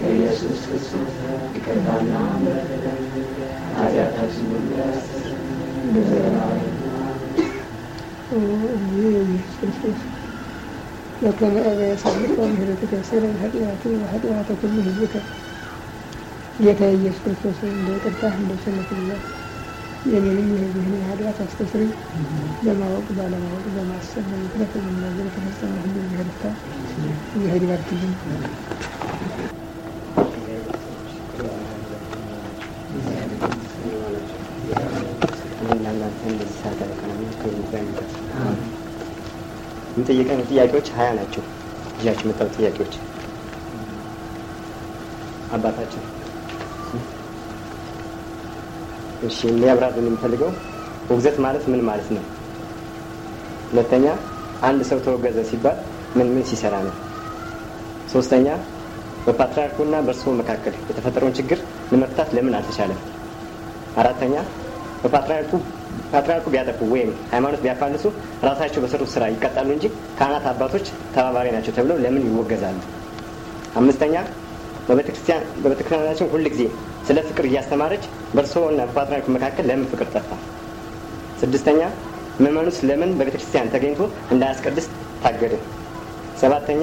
ከኢየሱስ ክርስቶስ ይቅርታና ኃጢአታችን ኢየሱስ ክርስቶስ لكن أبا يسلك ومهرتك سر الهديات وهديات كل هديك ጌታ ኢየሱስ ክርስቶስ እንደ ይቅርታህ እንደ ቸርነትህ የኔንም የህዝብህን የኃጢአት አስተስሪ በማወቅ ባለማወቅ በማሰብ በምክንያት በመናገር የተፈጸመ ሁሉ ይህርታ ይህድ ባርክልን። የምጠይቀን ጥያቄዎች ሀያ ናቸው። ይዣቸው የመጣው ጥያቄዎች አባታችን እሺ የሚያብራሩ የምንፈልገው ውግዘት ማለት ምን ማለት ነው? ሁለተኛ አንድ ሰው ተወገዘ ሲባል ምን ምን ሲሰራ ነው? ሶስተኛ በፓትርያርኩና በእርስዎ መካከል የተፈጠረውን ችግር ለመፍታት ለምን አልተቻለም? አራተኛ በፓትርያርኩ ፓትርያርኩ ቢያጠፉ ወይም ሃይማኖት ቢያፋልሱ ራሳቸው በሰሩት ስራ ይቀጣሉ እንጂ ካህናት አባቶች ተባባሪ ናቸው ተብለው ለምን ይወገዛሉ? አምስተኛ በቤተክርስቲያናችን ጊዜ? ስለ ፍቅር እያስተማረች በእርስዎ እና በፓትርያርኩ መካከል ለምን ፍቅር ጠፋ? ስድስተኛ ምዕመኑስ ለምን በቤተ ክርስቲያን ተገኝቶ እንዳያስቀድስ ታገደ? ሰባተኛ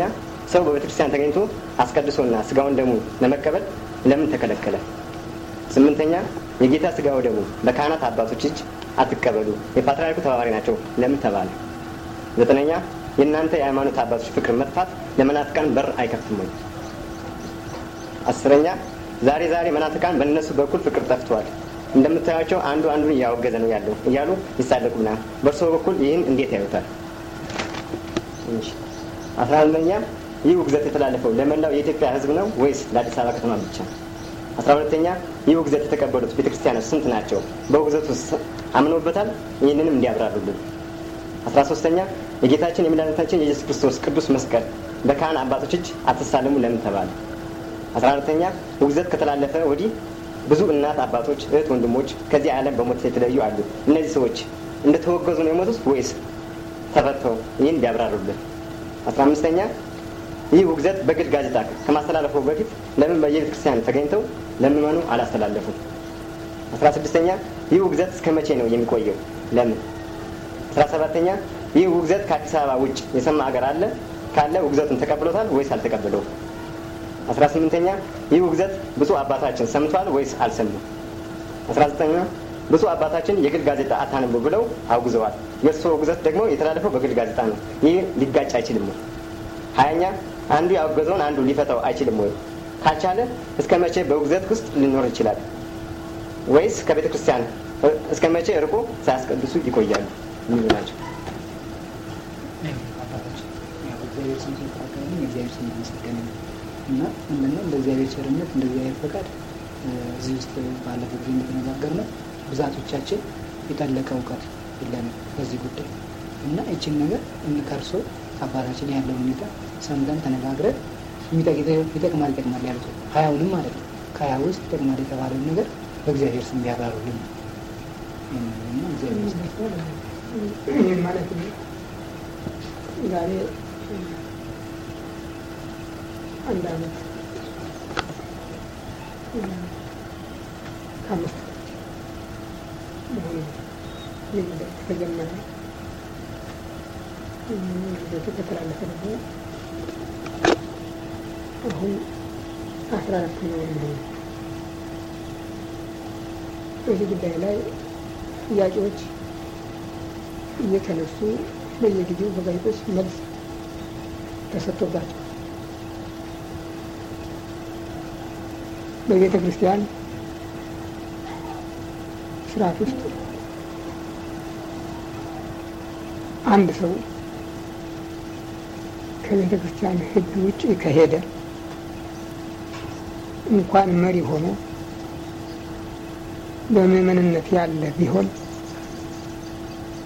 ሰው በቤተ ክርስቲያን ተገኝቶ አስቀድሶና ስጋውን ደሙ ለመቀበል ለምን ተከለከለ? ስምንተኛ የጌታ ስጋው ደሙ በካህናት አባቶች እጅ አትቀበሉ፣ የፓትርያርኩ ተባባሪ ናቸው ለምን ተባለ? ዘጠነኛ የእናንተ የሃይማኖት አባቶች ፍቅር መጥፋት ለመናፍቃን በር አይከፍትም ወይ? አስረኛ ዛሬ ዛሬ መናፍቃን በእነሱ በኩል ፍቅር ጠፍቷል። እንደምታያቸው አንዱ አንዱን እያወገዘ ነው ያለው እያሉ ምና በእርስዎ በኩል ይህን እንዴት ያዩታል? አስራ አንደኛ ይህ ውግዘት የተላለፈው ለመላው የኢትዮጵያ ሕዝብ ነው ወይስ ለአዲስ አበባ ከተማ ብቻ? አስራ ሁለተኛ ይህ ውግዘት የተቀበሉት ቤተክርስቲያኖች ስንት ናቸው? በውግዘቱ አምነውበታል? ይህንንም እንዲያብራሩልን። አስራ ሶስተኛ የጌታችን የመድኃኒታችን የኢየሱስ ክርስቶስ ቅዱስ መስቀል በካህን አባቶች እጅ አትሳለሙ ለምን ተባለ? አስራ አራተኛ ውግዘት ከተላለፈ ወዲህ ብዙ እናት አባቶች፣ እህት ወንድሞች ከዚህ ዓለም በሞት የተለዩ አሉ። እነዚህ ሰዎች እንደተወገዙ ነው የሞቱት ወይስ ተፈተው? ይህን ቢያብራሩልን። አስራ አምስተኛ ይህ ውግዘት በግል ጋዜጣ ከማስተላለፈው በፊት ለምን በየቤተ ክርስቲያን ተገኝተው ለምመኑ አላስተላለፉም? አስራ ስድስተኛ ይህ ውግዘት እስከ መቼ ነው የሚቆየው? ለምን? አስራ ሰባተኛ ይህ ውግዘት ከአዲስ አበባ ውጭ የሰማ አገር አለ? ካለ ውግዘቱን ተቀብሎታል ወይስ አልተቀበለውም? አስራ ስምንተኛ ይህ ውግዘት ብፁዕ አባታችን ሰምቷል ወይስ አልሰሙም? አስራ ዘጠኛ ብፁዕ አባታችን የግል ጋዜጣ አታንቡ ብለው አውግዘዋል። የእሱ ውግዘት ደግሞ የተላለፈው በግል ጋዜጣ ነው። ይህ ሊጋጭ አይችልም ወይ? ሀያኛ አንዱ ያወገዘውን አንዱ ሊፈታው አይችልም ወይ? ካልቻለ እስከ መቼ በውግዘት ውስጥ ሊኖር ይችላል? ወይስ ከቤተ ክርስቲያን እስከ መቼ ርቆ ሳያስቀድሱ ይቆያሉ? የሚሉ ናቸው። እና አንደኛው እንደ እግዚአብሔር ቸርነት እንደ እግዚአብሔር ፈቃድ እዚህ ውስጥ ባለፈው ጊዜ እንደተነጋገር ነው ብዛቶቻችን የጠለቀ እውቀት የለን በዚህ ጉዳይ እና ይችን ነገር እንከርሶ አባታችን ያለውን ሁኔታ ሰምተን ተነጋግረን ይጠቅማል ይጠቅማል ያሉት ሀያውንም ማለት ነው ከሀያ ውስጥ ይጠቅማል የተባለውን ነገር በእግዚአብሔር ስም ቢያብራሩልን ማለት ነው ዛሬ અંદાજે خمسة مهمة نبدأ تتجمع نبدأ تتكل على سنة وهم عشرة آلاف سنة مهمة በዚህ ጉዳይ ላይ ጥያቄዎች እየተነሱ በየጊዜው በጋዜጦች መልስ ተሰጥቶባቸው በቤተ ክርስቲያን ስርዓት ውስጥ አንድ ሰው ከቤተ ክርስቲያን ሕግ ውጭ ከሄደ እንኳን መሪ ሆኖ በምእመንነት ያለ ቢሆን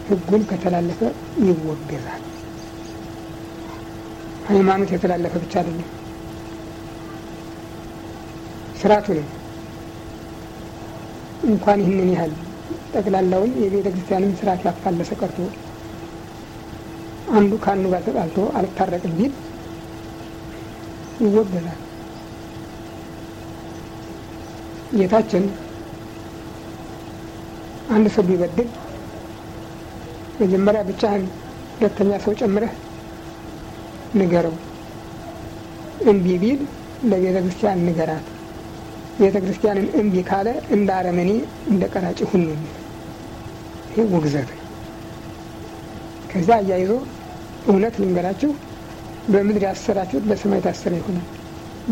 ሕጉን ከተላለፈ ይወገዛል። ሃይማኖት የተላለፈ ብቻ አይደለም። ስርዓቱ ነው። እንኳን ይህንን ያህል ጠቅላላውን የቤተ ክርስቲያንም ስርዓት ያፋለሰ ቀርቶ አንዱ ከአንዱ ጋር ተጣልቶ አልታረቅም ቢል ይወገዛል። ጌታችን አንድ ሰው ቢበድል መጀመሪያ ብቻህን፣ ሁለተኛ ሰው ጨምረህ ንገረው። እምቢ ቢል ለቤተ ክርስቲያን ንገራት ቤተ ክርስቲያንን እምቢ ካለ እንደ አረመኔ እንደ ቀራጭ ሁኑ። ይህ ውግዘት። ከዚያ አያይዞ እውነት ልንገራችሁ፣ በምድር ያሰራችሁት በሰማይ ታሰረ ይሆናል፣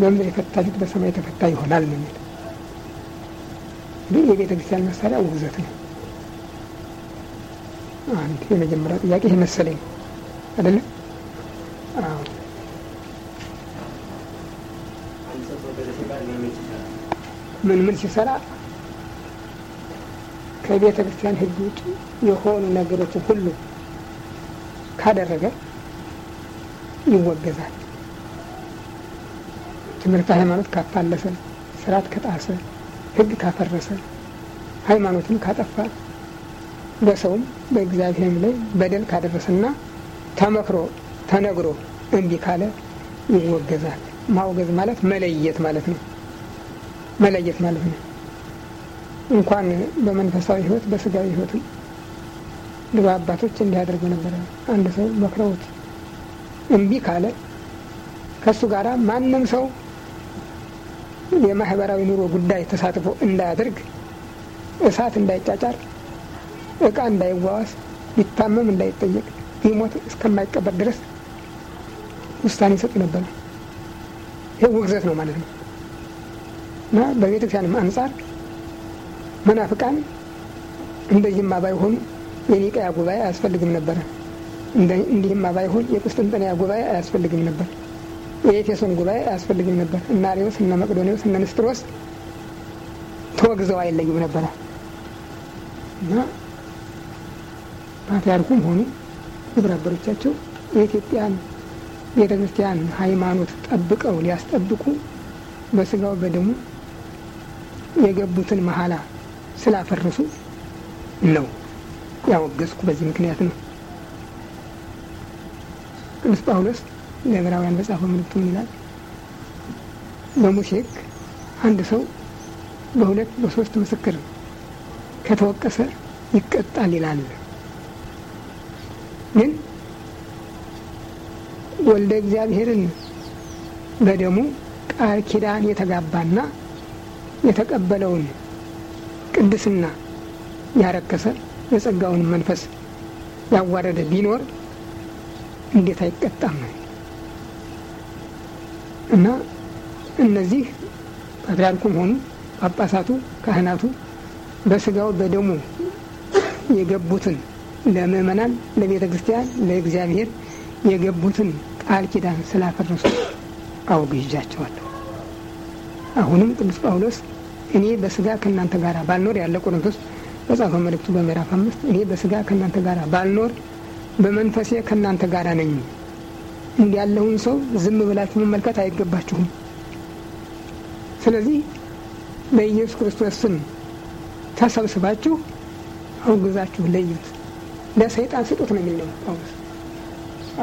በምድር የፈታችሁት በሰማይ ተፈታ ይሆናል ነው የሚል። የቤተ ክርስቲያን መሳሪያ ውግዘት ነው። አንድ የመጀመሪያው ጥያቄ ይህ መሰለኝ አይደለም። ምን ምን ሲሰራ ከቤተ ክርስቲያን ሕግ ውጭ የሆኑ ነገሮችን ሁሉ ካደረገ ይወገዛል። ትምህርት ሃይማኖት ካፋለሰ፣ ስርዓት ከጣሰ፣ ሕግ ካፈረሰ፣ ሃይማኖትን ካጠፋ፣ በሰውም በእግዚአብሔርም ላይ በደል ካደረሰና ተመክሮ ተነግሮ እምቢ ካለ ይወገዛል። ማውገዝ ማለት መለየት ማለት ነው። መለየት ማለት ነው። እንኳን በመንፈሳዊ ህይወት በስጋዊ ህይወት ድሮ አባቶች እንዲያደርጉ ነበረ። አንድ ሰው መክረውት እምቢ ካለ ከእሱ ጋር ማንም ሰው የማህበራዊ ኑሮ ጉዳይ ተሳትፎ እንዳያደርግ፣ እሳት እንዳይጫጫር፣ እቃ እንዳይዋዋስ፣ ቢታመም እንዳይጠየቅ፣ ቢሞት እስከማይቀበር ድረስ ውሳኔ ይሰጡ ነበር። ይህ ውግዘት ነው ማለት ነው። እና በቤተክርስቲያንም አንጻር መናፍቃን እንደዚህማ ባይሆኑ የኒቀያ ጉባኤ አያስፈልግም ነበረ። እንዲህማ ባይሆን የቁስጥንጥንያ ጉባኤ አያስፈልግም ነበር። የኤፌሶን ጉባኤ አያስፈልግም ነበር። እነ አርዮስ፣ እነ መቅዶኒዎስ፣ እነ ንስጥሮስ ተወግዘው አይለዩም ነበረ እና ፓትርያርኩም ሆኑ ግብረ አበሮቻቸው የኢትዮጵያን ቤተ ክርስቲያን ሃይማኖት ጠብቀው ሊያስጠብቁ በስጋው በደሙ የገቡትን መሀላ ስላፈረሱ ነው ያወገዝኩ። በዚህ ምክንያት ነው። ቅዱስ ጳውሎስ ለዕብራውያን በጻፈው መልእክቱ ምን ይላል? በሙሴ ሕግ አንድ ሰው በሁለት በሶስት ምስክር ከተወቀሰ ይቀጣል ይላል። ግን ወልደ እግዚአብሔርን በደሙ ቃል ኪዳን የተጋባና የተቀበለውን ቅድስና ያረከሰ የጸጋውን መንፈስ ያዋረደ ቢኖር እንዴት አይቀጣም ነው እና እነዚህ ፓትርያርኩም ሆኑ ጳጳሳቱ፣ ካህናቱ በስጋው በደሙ የገቡትን ለምእመናን፣ ለቤተ ክርስቲያን፣ ለእግዚአብሔር የገቡትን ቃል ኪዳን ስላፈረሱ አውግዣቸዋለሁ። አሁንም ቅዱስ ጳውሎስ እኔ በስጋ ከእናንተ ጋር ባልኖር ያለ ቆሮንቶስ በጻፈው መልእክቱ በምዕራፍ አምስት እኔ በስጋ ከእናንተ ጋር ባልኖር በመንፈሴ ከእናንተ ጋር ነኝ። እንዲያለውን ሰው ዝም ብላችሁ መመልከት አይገባችሁም። ስለዚህ በኢየሱስ ክርስቶስ ስም ተሰብስባችሁ አውግዛችሁ ለዩት፣ ለሰይጣን ስጡት ነው የሚለው ጳውሎስ።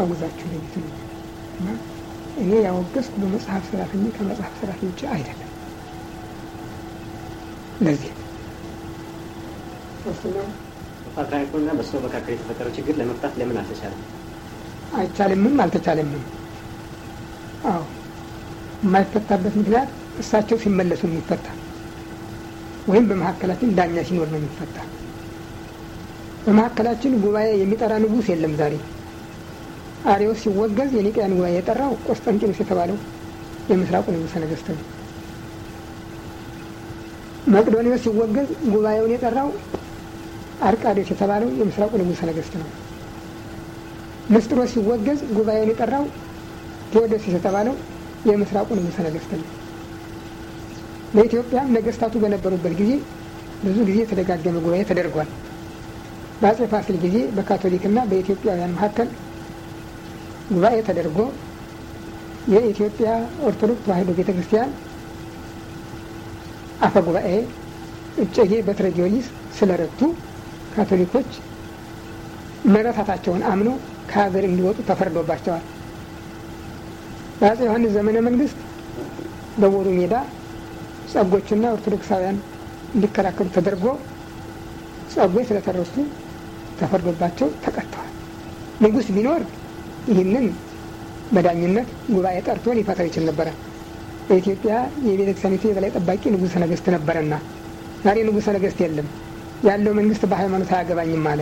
አውግዛችሁ ለዩት ነው እና እኔ ያወገዝኩ በመጽሐፍ ስራት እንጂ ከመጽሐፍ ስራት ውጭ አይደለም። እንደዚህ ፓትርያርኩና በሰው መካከል የተፈጠረው ችግር ለመፍታት ለምን አልተቻለም? አይቻልምም፣ አልተቻለምም። አዎ የማይፈታበት ምክንያት እሳቸው ሲመለሱ የሚፈታ ወይም በመካከላችን ዳኛ ሲኖር ነው የሚፈታ። በመካከላችን ጉባኤ የሚጠራ ንጉስ የለም። ዛሬ አሪዎስ ሲወገዝ የኒቅያን ጉባኤ የጠራው ቆስጠንጢኖስ የተባለው የምስራቁ ንጉሠ ነገሥት ነው። መቅዶኒዎስ ሲወገዝ ጉባኤውን የጠራው አርቃዴስ የተባለው የምስራቁ ንጉሠ ነገሥት ነው። ንስጥሮስ ሲወገዝ ጉባኤውን የጠራው ቴዎዶሲስ የተባለው የምስራቁ ንጉሠ ነገሥት ነው። በኢትዮጵያ ነገስታቱ በነበሩበት ጊዜ ብዙ ጊዜ የተደጋገመ ጉባኤ ተደርጓል። በአጼ ፋሲል ጊዜ በካቶሊክና በኢትዮጵያውያን መካከል ጉባኤ ተደርጎ የኢትዮጵያ ኦርቶዶክስ ተዋሕዶ ቤተክርስቲያን አፈ ጉባኤ እጨጌ በትረ ጊዮርጊስ ስለረቱ ካቶሊኮች መረታታቸውን አምነው ከሀገር እንዲወጡ ተፈርዶባቸዋል። በአጼ ዮሐንስ ዘመነ መንግስት በቦሩ ሜዳ ጸጎችና ኦርቶዶክሳውያን እንዲከላከሉ ተደርጎ ጸጎች ስለተረሱ ተፈርዶባቸው ተቀጥተዋል። ንጉስ ቢኖር ይህንን በዳኝነት ጉባኤ ጠርቶን ይፈታ ይችል ነበረ። በኢትዮጵያ የቤተ ክርስቲያኒቱ የበላይ ጠባቂ ንጉሠ ነገሥት ነበረና፣ ዛሬ ንጉሠ ነገሥት የለም። ያለው መንግስት በሃይማኖት አያገባኝም አለ።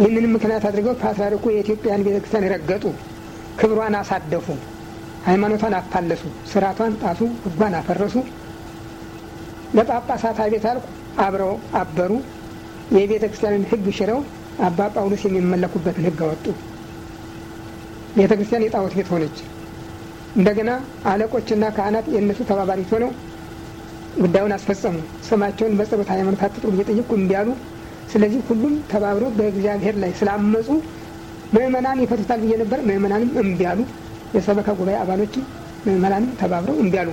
ይህንንም ምክንያት አድርገው ፓትርያርኩ የኢትዮጵያን ቤተ ክርስቲያን ረገጡ፣ ክብሯን አሳደፉ፣ ሃይማኖቷን አፋለሱ፣ ስርዓቷን ጣሱ፣ ህጓን አፈረሱ። ለጳጳሳት አቤት አልኩ፣ አብረው አበሩ። የቤተ ክርስቲያንን ህግ ሽረው አባ ጳውሎስ የሚመለኩበትን ህግ አወጡ። ቤተ ክርስቲያን የጣዖት ቤት ሆነች። እንደገና አለቆችና ካህናት የእነሱ ተባባሪ ሆነው ጉዳዩን አስፈጸሙ። ስማቸውን በጸሎት ሃይማኖት አትጥሩ እየጠየቁ ጠየቅኩ እምቢ አሉ። ስለዚህ ሁሉም ተባብሮ በእግዚአብሔር ላይ ስላመፁ ምእመናን ይፈቱታል ብዬ ነበር። ምእመናንም እምቢ አሉ። የሰበካ ጉባኤ አባሎች ምእመናንም ተባብረው እምቢ አሉ።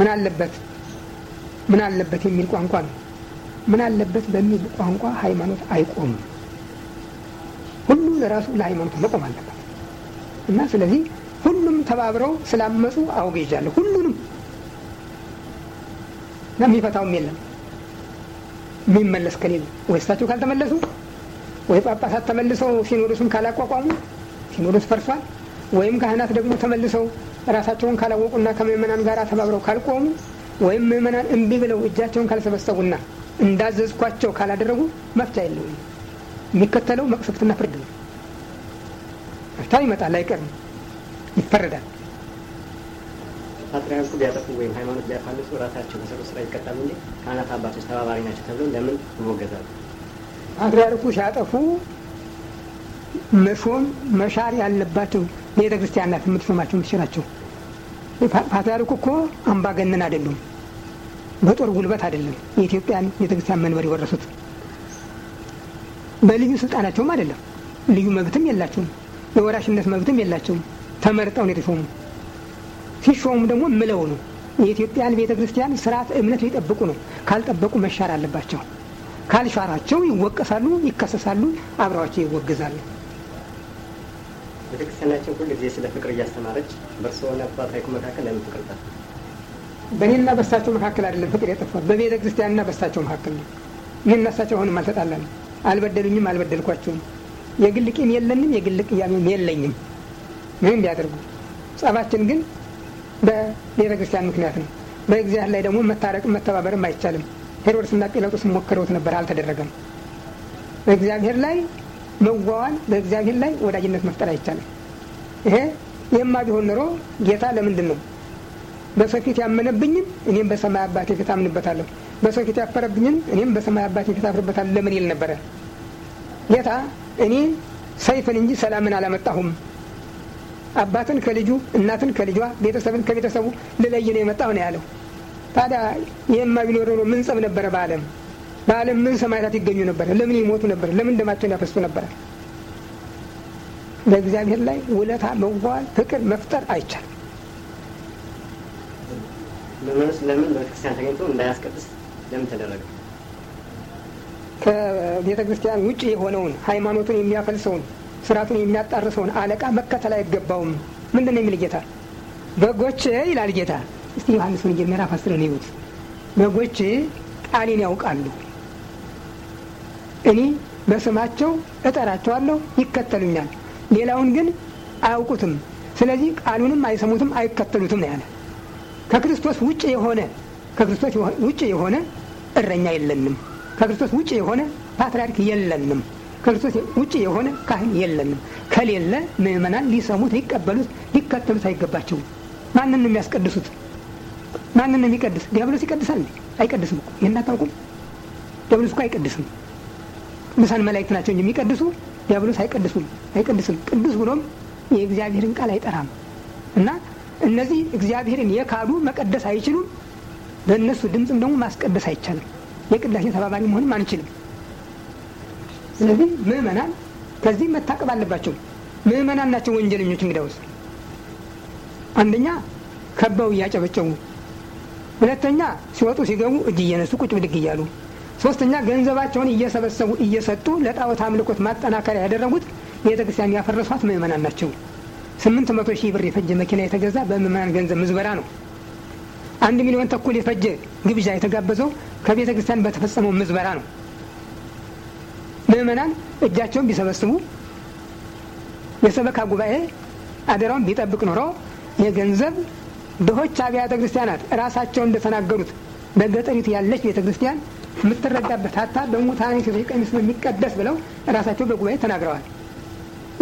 ምን አለበት ምን አለበት የሚል ቋንቋ ነው። ምን አለበት በሚል ቋንቋ ሃይማኖት አይቆምም። ሁሉም ለራሱ ለሃይማኖት መቆም አለበት። እና ስለዚህ ሁሉም ተባብረው ስላመፁ አውግዣለሁ ሁሉንም የሚፈታውም የለም የሚመለስ ከሌለ ወይ እሳቸው ካልተመለሱ ወይ ጳጳሳት ተመልሰው ሲኖዶሱን ካላቋቋሙ ሲኖዶስ ፈርሷል። ወይም ካህናት ደግሞ ተመልሰው ራሳቸውን ካላወቁና ከምእመናን ጋር ተባብረው ካልቆሙ ወይም ምእመናን እምቢ ብለው እጃቸውን ካልሰበሰቡና እንዳዘዝኳቸው ካላደረጉ መፍቻ የለውም። የሚከተለው መቅሰፍትና ፍርድ ከፍታው ይመጣል፣ አይቀርም፣ ይፈረዳል። ፓትሪያርኩ ቢያጠፉ ወይም ሃይማኖት ቢያፋልሱ ራሳቸው በሰሩ ስራ ይቀጣሉ እንጂ ካህናት አባቶች ተባባሪ ናቸው ተብለው ለምን ይሞገዛሉ? ፓትሪያርኩ ሲያጠፉ መሾም መሻር ያለባቸው ቤተ ክርስቲያን ናት የምትሾማቸው የምትችላቸው። ፓትሪያርኩ እኮ አምባገነን አይደሉም፣ በጦር ጉልበት አይደለም የኢትዮጵያን ቤተ ክርስቲያን መንበር የወረሱት። በልዩ ስልጣናቸውም አይደለም፣ ልዩ መብትም የላቸውም። የወራሽነት መብትም የላቸውም። ተመርጠው ነው የተሾሙ። ሲሾሙ ደግሞ ምለው ነው። የኢትዮጵያን ቤተ ክርስቲያን ስርዓት እምነት ሊጠብቁ ነው። ካልጠበቁ መሻር አለባቸው። ካልሻራቸው ይወቀሳሉ፣ ይከሰሳሉ፣ አብረዋቸው ይወገዛሉ። ቤተክርስቲያናችን ሁል ጊዜ ስለ ፍቅር እያስተማረች በእርስዎና በፓትርያርኩ መካከል ለምን ፍቅር ጠፋ? በእኔና በሳቸው መካከል አይደለም ፍቅር የጠፋ በቤተ ክርስቲያንና በሳቸው መካከል ነው። እኔና እሳቸው አሁንም አልተጣላንም፣ አልበደሉኝም፣ አልበደልኳቸውም። የግል ቂም የለንም፣ የግል ቅያሜም የለኝም። ምንም ቢያደርጉ ጸባችን ግን በቤተ ክርስቲያን ምክንያት ነው። በእግዚአብሔር ላይ ደግሞ መታረቅም መተባበርም አይቻልም። ሄሮድስና ጲላጦስ ሞክረውት ነበር፣ አልተደረገም። በእግዚአብሔር ላይ መዋዋል፣ በእግዚአብሔር ላይ ወዳጅነት መፍጠር አይቻልም። ይሄ የማ ቢሆን ኖሮ ጌታ ለምንድን ነው በሰው ፊት ያመነብኝን እኔም በሰማይ አባቴ ፊት አምንበታለሁ፣ በሰው ፊት ያፈረብኝን እኔም በሰማይ አባቴ ፊት አፍርበታለሁ ለምን ይል ነበረ ጌታ እኔ ሰይፍን እንጂ ሰላምን አላመጣሁም። አባትን ከልጁ እናትን ከልጇ ቤተሰብን ከቤተሰቡ ልለይ ነው የመጣሁ ነው ያለው። ታዲያ ይህማ ቢኖር ኖሮ ምን ጸብ ነበረ በዓለም በዓለም ምን ሰማዕታት ይገኙ ነበር? ለምን ይሞቱ ነበር? ለምን ደማቸውን ያፈሱ ነበረ? በእግዚአብሔር ላይ ውለታ መዋል፣ ፍቅር መፍጠር አይቻልም። በመንስ ለምን በቤተክርስቲያን ተገኝቶ እንዳያስቀድስ ለምን ተደረገ? ከቤተ ክርስቲያን ውጭ የሆነውን ሃይማኖቱን የሚያፈልሰውን ስርዓቱን የሚያጣርሰውን አለቃ መከተል አይገባውም። ምንድን ነው የሚል ጌታ በጎች ይላል ጌታ። እስቲ ዮሐንስ ወንጌል ምዕራፍ ነው ይዩት። በጎች ቃሌን ያውቃሉ፣ እኔ በስማቸው እጠራቸዋለሁ፣ ይከተሉኛል። ሌላውን ግን አያውቁትም፣ ስለዚህ ቃሉንም አይሰሙትም፣ አይከተሉትም ነው ያለ። ከክርስቶስ ውጭ የሆነ ከክርስቶስ ውጭ የሆነ እረኛ የለንም። ከክርስቶስ ውጭ የሆነ ፓትርያርክ የለንም። ከክርስቶስ ውጭ የሆነ ካህን የለንም። ከሌለ ምእመናን ሊሰሙት፣ ሊቀበሉት፣ ሊከተሉት አይገባቸውም። ማንን ነው የሚያስቀድሱት? ማንን ነው የሚቀድስ? ዲያብሎስ ይቀድሳል እንዴ? አይቀድስም እኮ ይህን አታውቁም። ዲያብሎስ እኮ አይቀድስም። ቅዱሳን መላእክት ናቸው እንጂ የሚቀድሱ ዲያብሎስ አይቀድሱም፣ አይቀድስም። ቅዱስ ብሎም የእግዚአብሔርን ቃል አይጠራም እና እነዚህ እግዚአብሔርን የካዱ መቀደስ አይችሉም። በእነሱ ድምፅም ደግሞ ማስቀደስ አይቻልም። የቅዳሴ ተባባሪ መሆንም አንችልም። ስለዚህ ምዕመናን ከዚህ መታቀብ አለባቸው። ምዕመናን ናቸው ወንጀለኞች። እንግዳውስ አንደኛ ከበው እያጨበጨቡ፣ ሁለተኛ ሲወጡ ሲገቡ እጅ እየነሱ ቁጭ ብድግ እያሉ፣ ሶስተኛ ገንዘባቸውን እየሰበሰቡ እየሰጡ ለጣዖት አምልኮት ማጠናከሪያ ያደረጉት ቤተ ክርስቲያን ያፈረሷት ምዕመናን ናቸው። ስምንት መቶ ሺህ ብር የፈጀ መኪና የተገዛ በምዕመናን ገንዘብ ምዝበራ ነው። አንድ ሚሊዮን ተኩል የፈጀ ግብዣ የተጋበዘው ከቤተ ክርስቲያን በተፈጸመው ምዝበራ ነው። ምእመናን እጃቸውን ቢሰበስቡ የሰበካ ጉባኤ አደራውን ቢጠብቅ ኖሮ የገንዘብ ድሆች አብያተ ክርስቲያናት ራሳቸው እንደተናገሩት በገጠሪቱ ያለች ቤተ ክርስቲያን የምትረዳበት ሀታ በሙታን ቀሚስ የሚቀደስ ብለው ራሳቸው በጉባኤ ተናግረዋል።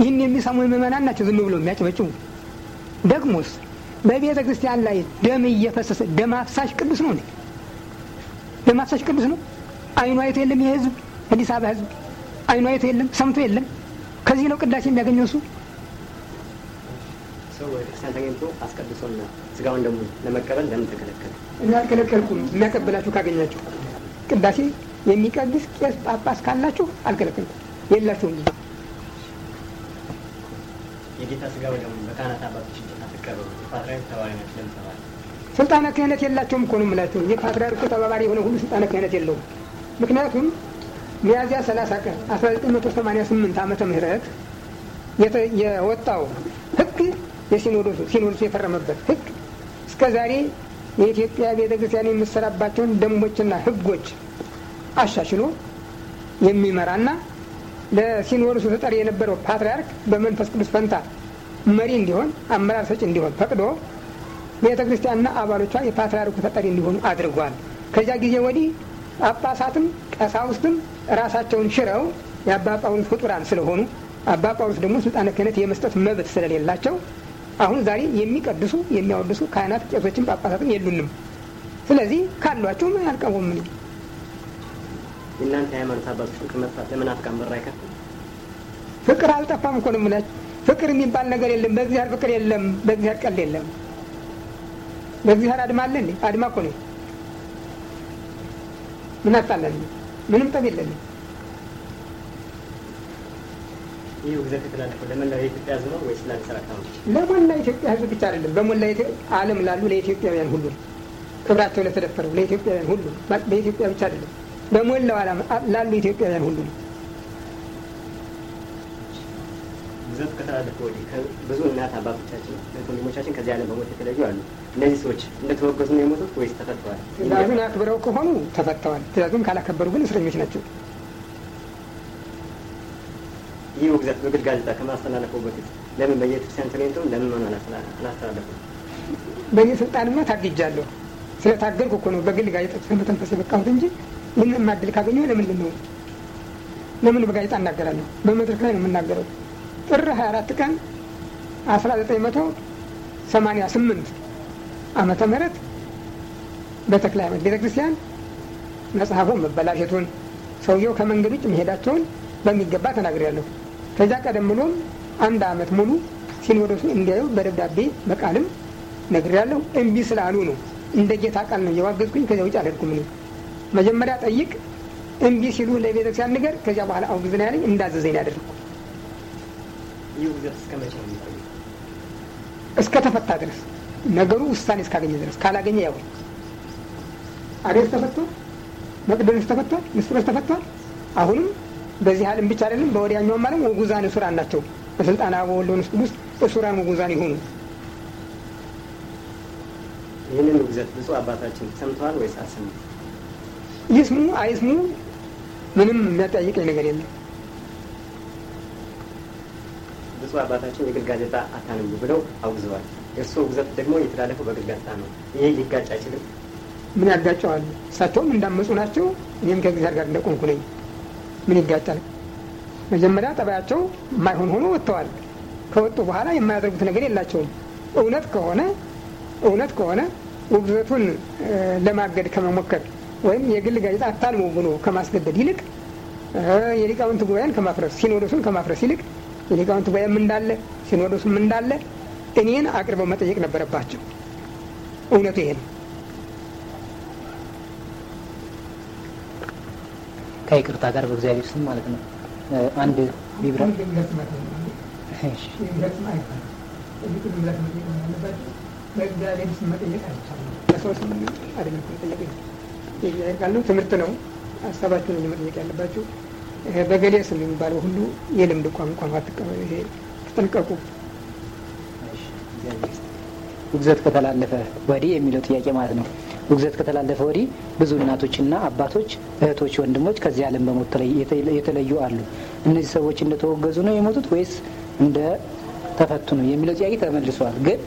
ይህን የሚሰሙ ምእመናን ናቸው ዝም ብሎ የሚያጨበጭቡ። ደግሞስ በቤተ ክርስቲያን ላይ ደም እየፈሰሰ ደም አፍሳሽ ቅዱስ ነው። ለማሰች ቅዱስ ነው። አይኑ አይቶ የለም ይሄ ህዝብ አዲስ አበባ ህዝብ አይኑ አይቶ የለም ሰምቶ የለም። ከዚህ ነው ቅዳሴ የሚያገኘው እሱ አስቀድሶና ስጋውን ደግሞ ለመቀበል ለምን ተከለከለ? እኔ አልከለከልኩም። የሚያቀብላችሁ ካገኛችሁ ቅዳሴ የሚቀድስ ቄስ ጳጳስ ካላችሁ አልከለከልኩም። የላችሁም የጌታ ስጋ ወደሙ በካህናት አባቶች እንጂ አትቀበሉ ፓትርያርክ ተባባሪ ናቸው ለምን ተባለ? ስልጣነ ክህነት የላቸውም እኮ ነው የምላቸው። የፓትርያርኩ ተባባሪ የሆነ ሁሉ ስልጣነ ክህነት የለውም። ምክንያቱም ሚያዝያ 30 ቀን 1988 ዓመተ ምህረት የወጣው ህግ የሲኖዶሱ ሲኖዶሱ የፈረመበት ህግ እስከ ዛሬ የኢትዮጵያ ቤተክርስቲያን የምሰራባቸውን ደንቦችና ህጎች አሻሽሎ የሚመራና ለሲኖዶሱ ተጠሪ የነበረው ፓትርያርክ በመንፈስ ቅዱስ ፈንታ መሪ እንዲሆን አመራር ሰጭ እንዲሆን ፈቅዶ ቤተ ክርስቲያንና አባሎቿ የፓትርያርኩ ተጠሪ እንዲሆኑ አድርጓል። ከዚያ ጊዜ ወዲህ ጳጳሳትም ቀሳውስትም ራሳቸውን ሽረው የአባ ጳውሎስ ፍጡራን ስለሆኑ አባ ጳውሎስ ደግሞ ስልጣነ ክህነት የመስጠት መብት ስለሌላቸው አሁን ዛሬ የሚቀድሱ የሚያወድሱ ካህናት፣ ቄሶችም ጳጳሳትም የሉንም። ስለዚህ ካሏቸው ምን አልቀቡም። እናንተ ሃይማኖት አባቶች ፍቅር መጥፋት ፍቅር አልጠፋም እኮ ነው የምላቸው። ፍቅር የሚባል ነገር የለም። በእግዚአብሔር ፍቅር የለም። በእግዚአብሔር ቀል የለም። በዚህ ያህል አድማ አለ እንዴ? አድማ እኮ ነው። ምን አጣለን? ምንም ጠብ የለን። ይህ ውግዘት የተላለፈው ለመላው የኢትዮጵያ ሕዝብ ነው ወይስ ለአዲስ አበባ አካባቢ? ለሞላ ኢትዮጵያ ሕዝብ ብቻ አይደለም፣ በሞላ ዓለም ላሉ ለኢትዮጵያውያን ሁሉ ክብራቸው ለተደፈረው ለኢትዮጵያውያን ሁሉ በኢትዮጵያ ብቻ አይደለም፣ በሞላው ዓለም ላሉ ኢትዮጵያውያን ሁሉ ነው። ውግዘቱ ከተላለፈ ወዲህ ብዙ እናት አባቶቻችን ወንድሞቻችን ከዚህ ዓለም በሞት የተለዩ አሉ። እነዚህ ሰዎች እንደተወገዙ ነው የሞቱት ወይስ ተፈተዋል? ትእዛዙን አክብረው ከሆኑ ተፈተዋል። ትእዛዙን ካላከበሩ ግን እስረኞች ናቸው። ይህ ውግዘት በግል ጋዜጣ ከማስተላለፈው በፊት ለምን በየቤተክርስቲያን ተገኝቶ ለምን መሆን አላስተላለፉ? በየስልጣንማ ታግጃለሁ። ስለታገልኩ እኮ ነው በግል ጋዜጣ መተንፈስ የበቃሁት እንጂ ይህንም ማድል ካገኘሁ ለምንድን ነው ለምን በጋዜጣ እናገራለሁ? በመድረክ ላይ ነው የምናገረው። ጥር 24 ቀን 1988 ዓመተ ምህረት በተክለ ሃይማኖት ቤተ ክርስቲያን መጽሐፉን መበላሸቱን ሰውየው ከመንገድ ውጭ መሄዳቸውን በሚገባ ተናግሬያለሁ። ከዚያ ቀደም ብሎም አንድ ዓመት ሙሉ ሲኖዶሱ እንዲያዩ በደብዳቤ በቃልም ነግሬያለሁ። እምቢ ስላሉ ነው እንደ ጌታ ቃል ነው እየዋገዝኩኝ። ከዚያ ውጭ ነው መጀመሪያ ጠይቅ፣ እምቢ ሲሉ ለቤተክርስቲያን ንገር፣ ከዚያ በኋላ አውግዝ ነው ያለኝ። እንዳዘዘኝ ያደረግኩ እስከ ተፈታ ድረስ ነገሩ ውሳኔ እስካገኘ ድረስ ካላገኘ ያው አሬስ ተፈቷል፣ መቅደሎች ተፈቷል፣ ምስጢሮች ተፈቷል። አሁንም በዚህ ሀልም ብቻ አይደለም በወዲያኛውም ዓለም ውጉዛን እሱራን ናቸው። በስልጣና አበ ወወልድ ውስጥ እሱራን ወጉዛን ይሆኑ። ይህንን ውግዘት ብፁ አባታችን ሰምተዋል ወይስ አልሰሙ? ይስሙ አይስሙ ምንም የሚያጠያይቀኝ ነገር የለም። ብፁ አባታችን የግል ጋዜጣ አታንቡ ብለው አውግዘዋል። የእሱ ውግዘት ደግሞ የተላለፈው በግልጋታ ነው። ይሄ ሊጋጭ አይችልም። ምን ያጋጨዋል? እሳቸውም እንዳመፁ ናቸው። እኔም ከእግዚአብሔር ጋር እንደቆምኩ ነኝ። ምን ይጋጫል? መጀመሪያ ጠባያቸው የማይሆን ሆኖ ወጥተዋል። ከወጡ በኋላ የማያደርጉት ነገር የላቸውም። እውነት ከሆነ እውነት ከሆነ ውግዘቱን ለማገድ ከመሞከር ወይም የግል ጋዜጣ አታልሙ ብሎ ከማስገደድ ይልቅ የሊቃውንት ጉባኤን ከማፍረስ ሲኖዶሱን ከማፍረስ ይልቅ የሊቃውንት ጉባኤም እንዳለ ሲኖዶሱም እንዳለ እኔን አቅርበው መጠየቅ ነበረባቸው። እውነቱ ይሄ ነው። ከይቅርታ ጋር በእግዚአብሔር ስም ማለት ነው። አንድ ቢብራ የእግዚአብሔር ቃል ነው፣ ትምህርት ነው። ሀሳባችሁን እንጂ መጠየቅ ያለባችሁ በገሌ ስም የሚባለው ሁሉ የልምድ ቋንቋ አትቀበሉ። ይሄ ተጠንቀቁ። ውግዘት ከተላለፈ ወዲህ የሚለው ጥያቄ ማለት ነው። ውግዘት ከተላለፈ ወዲህ ብዙ እናቶችና አባቶች፣ እህቶች፣ ወንድሞች ከዚህ ዓለም በሞት የተለዩ አሉ። እነዚህ ሰዎች እንደተወገዙ ነው የሞቱት ወይስ እንደ ተፈቱ ነው የሚለው ጥያቄ ተመልሷል። ግን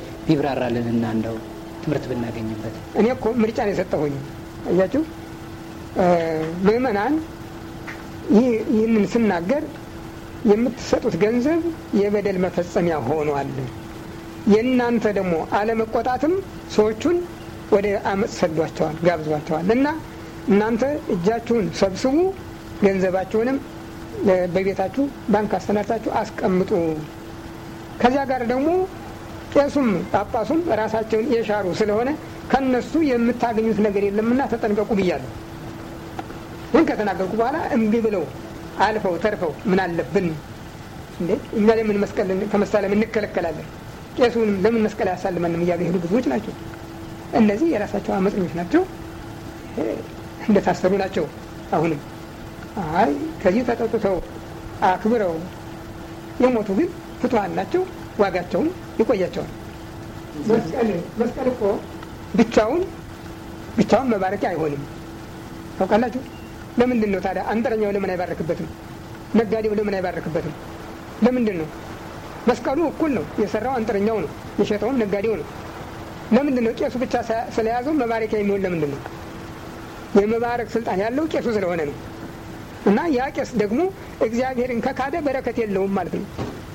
እና እንደው ትምህርት ብናገኝበት። እኔ እኮ ምርጫ ነው የሰጠሁኝ። እያችሁ ምእመናን ይህንን ስናገር የምትሰጡት ገንዘብ የበደል መፈጸሚያ ሆኗል። የእናንተ ደግሞ አለመቆጣትም ሰዎቹን ወደ አመፅ ሰዷቸዋል፣ ጋብዟቸዋል እና እናንተ እጃችሁን ሰብስቡ፣ ገንዘባችሁንም በቤታችሁ ባንክ አሰናድታችሁ አስቀምጡ። ከዚያ ጋር ደግሞ ቄሱም ጳጳሱም ራሳቸውን የሻሩ ስለሆነ ከነሱ የምታገኙት ነገር የለምና ተጠንቀቁ ብያለሁ። ይህን ከተናገርኩ በኋላ እምቢ ብለው አልፈው ተርፈው ምን አለብን እንዴ እኛ ለምን መስቀል ከመሳለም እንከለከላለን? ቄሱን ለምን መስቀል አያሳልመንም እያሉ የሄዱ ብዙዎች ናቸው። እነዚህ የራሳቸው አመፀኞች ናቸው፣ እንደታሰሩ ናቸው። አሁንም አይ ከዚህ ተጠጥተው አክብረው የሞቱ ግን ፍትሀን ናቸው። ዋጋቸውን ይቆያቸዋል። መስቀል መስቀል እኮ ብቻውን ብቻውን መባረኪያ አይሆንም። ታውቃላችሁ። ለምንድን ነው ታዲያ አንጥረኛው ለምን አይባረክበትም? ነጋዴው ለምን አይባረክበትም? ለምንድን ነው መስቀሉ እኩል ነው። የሰራው አንጥረኛው ነው፣ የሸጠውም ነጋዴው ነው። ለምንድን ነው ቄሱ ብቻ ስለያዘው መባረኪያ የሚሆን ለምንድን ነው? የመባረክ ስልጣን ያለው ቄሱ ስለሆነ ነው። እና ያ ቄስ ደግሞ እግዚአብሔርን ከካደ በረከት የለውም ማለት ነው።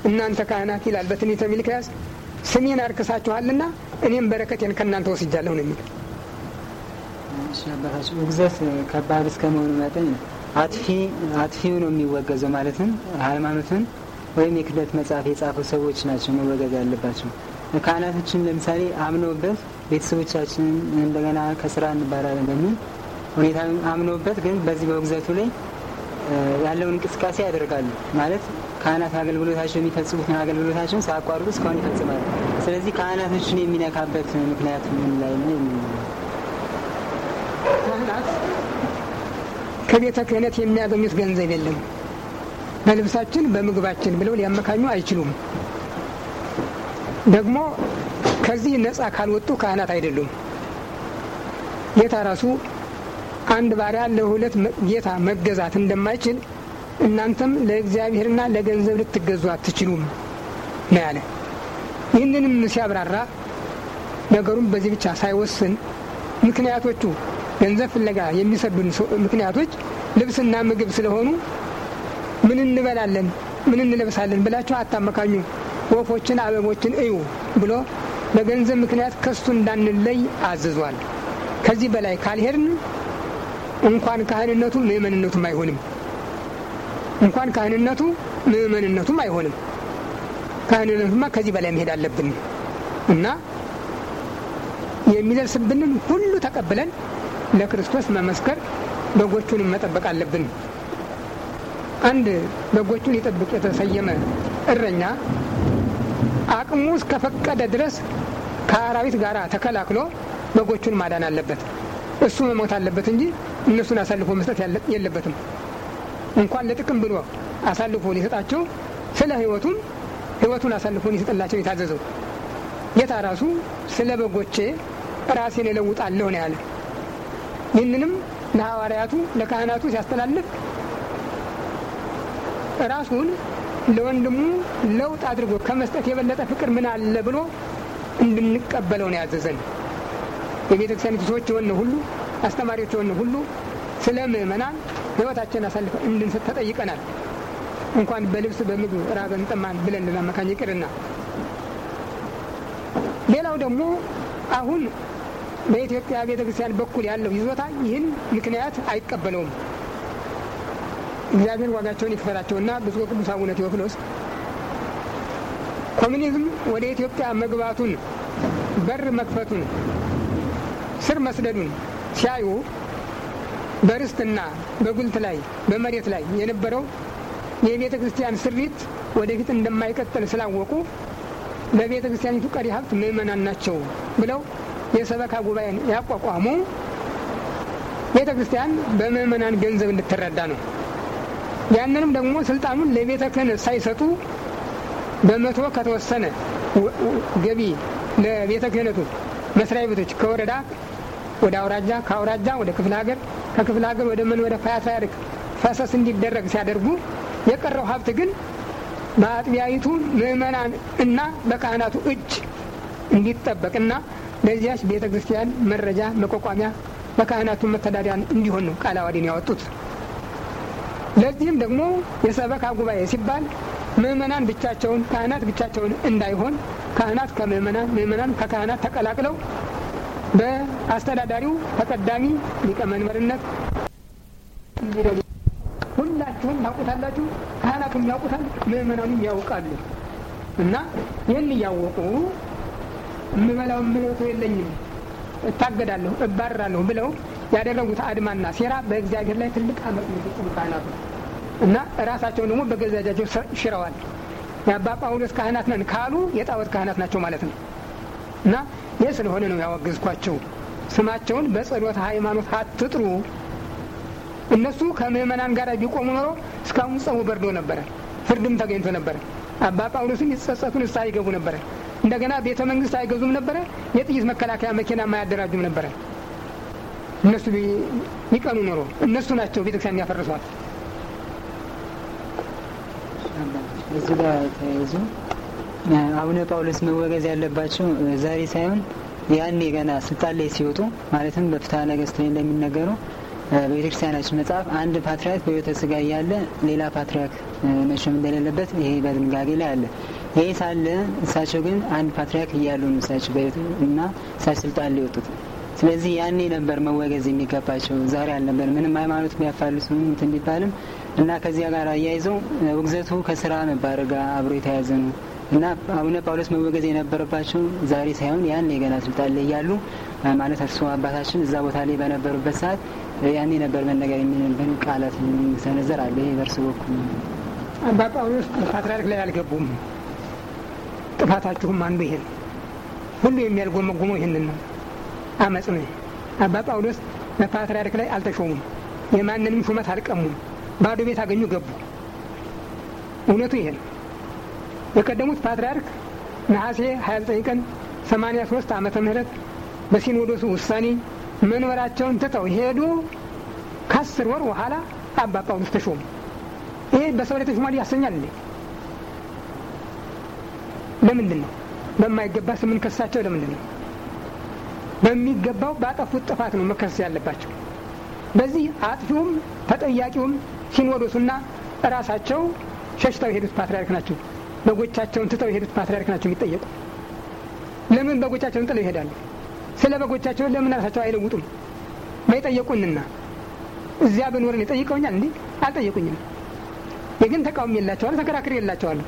እናንተ ካህናት ይላል በትንቢተ ሚልክያስ ስሜን አርክሳችኋልና እኔም በረከቴን ከእናንተ ወስጃለሁ ነው የሚል አባታችን ውግዘት ከባድ እስከመሆኑ መጠን አጥፊ አጥፊው ነው የሚወገዘው ማለትም ሃይማኖትን ወይም የክደት መጽሐፍ የጻፉ ሰዎች ናቸው መወገዝ ያለባቸው። ካህናቶችን ለምሳሌ አምነውበት ቤተሰቦቻችንን እንደገና ከስራ እንባራለን በሚል ሁኔታ አምነውበት ግን በዚህ በውግዘቱ ላይ ያለውን እንቅስቃሴ ያደርጋሉ ማለት ካህናት አገልግሎታቸው የሚፈጽሙትን አገልግሎታቸውን ሳያቋርጡ እስካሁን ይፈጽማሉ። ስለዚህ ካህናቶችን የሚነካበት ምክንያት ምን ላይ ነው? ካህናት ከቤተ ክህነት የሚያገኙት ገንዘብ የለም። በልብሳችን በምግባችን ብለው ሊያመካኙ አይችሉም። ደግሞ ከዚህ ነፃ ካልወጡ ካህናት አይደሉም። ጌታ ራሱ አንድ ባሪያ ለሁለት ጌታ መገዛት እንደማይችል እናንተም ለእግዚአብሔርና ለገንዘብ ልትገዙ አትችሉም ነው ያለ። ይህንንም ሲያብራራ ነገሩን በዚህ ብቻ ሳይወስን ምክንያቶቹ ገንዘብ ፍለጋ የሚሰዱን ምክንያቶች ልብስና ምግብ ስለሆኑ ምን እንበላለን፣ ምን እንለብሳለን ብላችሁ አታመካኙ፣ ወፎችን፣ አበቦችን እዩ ብሎ በገንዘብ ምክንያት ከሱ እንዳንለይ አዝዟል። ከዚህ በላይ ካልሄድን እንኳን ካህንነቱ ምእመንነቱም አይሆንም። እንኳን ካህንነቱ ምእመንነቱም አይሆንም። ካህንነቱማ ከዚህ በላይ መሄድ አለብን እና የሚደርስብንን ሁሉ ተቀብለን ለክርስቶስ መመስከር በጎቹንም መጠበቅ አለብን። አንድ በጎቹን ሊጠብቅ የተሰየመ እረኛ አቅሙ እስከፈቀደ ድረስ ከአራዊት ጋር ተከላክሎ በጎቹን ማዳን አለበት። እሱ መሞት አለበት እንጂ እነሱን አሳልፎ መስጠት የለበትም። እንኳን ለጥቅም ብሎ አሳልፎ ሊሰጣቸው ስለ ህይወቱን ህይወቱን አሳልፎ ሊሰጥላቸው የታዘዘው ጌታ ራሱ ስለ በጎቼ ራሴን እለውጣለሁ ነው ያለ። ይህንንም ለሐዋርያቱ ለካህናቱ ሲያስተላልፍ ራሱን ለወንድሙ ለውጥ አድርጎ ከመስጠት የበለጠ ፍቅር ምን አለ ብሎ እንድንቀበለው ነው ያዘዘን። የቤተ ክርስቲያን ሰዎች የሆነ ሁሉ አስተማሪዎች የሆነ ሁሉ ስለ ምእመናን ሕይወታችን አሳልፈ እንድንሰጥ ተጠይቀናል። እንኳን በልብስ በምግብ ራበን ጠማን ብለን ልናመካኝ ይቅርና ሌላው ደግሞ አሁን በኢትዮጵያ ቤተ ክርስቲያን በኩል ያለው ይዞታ ይህን ምክንያት አይቀበለውም። እግዚአብሔር ዋጋቸውን ይክፈላቸውና ብፁዕ ቅዱስ አቡነ ቴዎፍሎስ ኮሚኒዝም ወደ ኢትዮጵያ መግባቱን በር መክፈቱን ስር መስደዱን ሲያዩ በርስትና በጉልት ላይ በመሬት ላይ የነበረው የቤተ ክርስቲያን ስሪት ወደፊት እንደማይቀጥል ስላወቁ ለቤተ ክርስቲያኒቱ ቀሪ ሀብት ምእመናን ናቸው ብለው የሰበካ ጉባኤን ያቋቋሙ ቤተ ክርስቲያን በምእመናን ገንዘብ እንድትረዳ ነው። ያንንም ደግሞ ስልጣኑን ለቤተ ክህነት ሳይሰጡ በመቶ ከተወሰነ ገቢ ለቤተ ክህነቱ መስሪያ ቤቶች ከወረዳ ወደ አውራጃ፣ ከአውራጃ ወደ ክፍለ ሀገር፣ ከክፍለ ሀገር ወደ መን ወደ ፓትርያርክ ፈሰስ እንዲደረግ ሲያደርጉ የቀረው ሀብት ግን በአጥቢያዊቱ ምእመናን እና በካህናቱ እጅ እንዲጠበቅና ለዚያች ቤተ ክርስቲያን መረጃ መቋቋሚያ በካህናቱ መተዳደሪያ እንዲሆን ነው ቃለ አዋዲን ያወጡት። ለዚህም ደግሞ የሰበካ ጉባኤ ሲባል ምእመናን ብቻቸውን፣ ካህናት ብቻቸውን እንዳይሆን ካህናት ከምእመናን፣ ምእመናን ከካህናት ተቀላቅለው በአስተዳዳሪው ተቀዳሚ ሊቀመንበርነት ሁላችሁም ታውቁታላችሁ። ካህናቱም ያውቁታል፣ ምእመናኑም ያውቃሉ። እና ይህን እያወቁ የምበላው የምለብሰው የለኝም እታገዳለሁ፣ እባረራለሁ ብለው ያደረጉት አድማና ሴራ በእግዚአብሔር ላይ ትልቅ አመፅ ነው። ካህናቱ እና ራሳቸውን ደግሞ በገዛ እጃቸው ሽረዋል። የአባ ጳውሎስ ካህናት ነን ካሉ የጣዖት ካህናት ናቸው ማለት ነው። እና ይህ ስለሆነ ነው ያወገዝኳቸው። ስማቸውን በጸሎት ሃይማኖት አትጥሩ። እነሱ ከምእመናን ጋር ቢቆሙ ኖሮ እስካሁን ጸቡ በርዶ ነበረ፣ ፍርድም ተገኝቶ ነበረ። አባ ጳውሎስም የተጸጸቱን እሳ ይገቡ ነበረ። እንደገና ቤተ መንግስት አይገዙም ነበረ። የጥይት መከላከያ መኪና አያደራጁም ነበረ። እነሱ ቢቀኑ ኖሮ እነሱ ናቸው ቤተክርስቲያን ያፈርሷል። እዚህ ጋር ተያይዞ አቡነ ጳውሎስ መወገዝ ያለባቸው ዛሬ ሳይሆን ያኔ ገና ስልጣን ላይ ሲወጡ ማለትም በፍትሐ ነገሥት ላይ እንደሚነገሩ በቤተክርስቲያናችን መጽሐፍ አንድ ፓትሪያርክ በሕይወተ ሥጋ እያለ ሌላ ፓትሪያርክ መሾም እንደሌለበት ይሄ በድንጋጌ ላይ አለ። ይህ ሳለ እሳቸው ግን አንድ ፓትሪያርክ እያሉ ነው እሳቸው እና እሳቸው ስልጣን ሊወጡት። ስለዚህ ያኔ ነበር መወገዝ የሚገባቸው፣ ዛሬ አልነበር። ምንም ሃይማኖት ቢያፋልሱ ምንም እንትን እና ከዚያ ጋር አያይዘው ውግዘቱ ከስራ መባረር ጋር አብሮ የተያዘ ነው እና አቡነ ጳውሎስ መወገዝ የነበረባቸው ዛሬ ሳይሆን ያን የገና ስልጣን ላይ እያሉ ማለት እርስዎ አባታችን እዛ ቦታ ላይ በነበሩበት ሰዓት ያኔ ነበር መነገር የሚንብን ቃላት ሰነዘር አለ። ይሄ በእርስ በኩል አባ ጳውሎስ ፓትርያርክ ላይ አልገቡም። ጥፋታችሁም አንዱ ይሄ ሁሉ የሚያልጎመጉመው ይህንን ነው፣ አመፅ ነው። አባ ጳውሎስ በፓትርያርክ ላይ አልተሾሙም፣ የማንንም ሹመት አልቀሙም። ባዶ ቤት አገኙ ገቡ። እውነቱ ይሄ ነው። የቀደሙት ፓትርያርክ ነሐሴ 29 ቀን 83 ዓመተ ምህረት በሲኖዶሱ ውሳኔ መንበራቸውን ትተው ሄዱ። ከአስር ወር በኋላ አባ ጳውሎስ ተሾሙ። ይሄ በሰው ላይ ተሾማል ያሰኛል እንዴ? ለምንድን ነው በማይገባ ስምን ከሳቸው? ለምንድን ነው በሚገባው ባጠፉት ጥፋት ነው መከሰስ ያለባቸው። በዚህ አጥፊውም ተጠያቂውም ሲኖዶሱና እራሳቸው ሸሽተው የሄዱት ፓትሪያርክ ናቸው። በጎቻቸውን ትተው የሄዱት ፓትሪያርክ ናቸው የሚጠየቁ። ለምን በጎቻቸውን ጥለው ይሄዳሉ? ስለ በጎቻቸውን ለምን እራሳቸው አይለውጡም? በይጠየቁንና እዚያ ብኖርን የጠይቀውኛል እንዲህ አልጠየቁኝም። የግን ተቃውሞ የላቸዋል፣ ተከራክሬ የላቸዋል።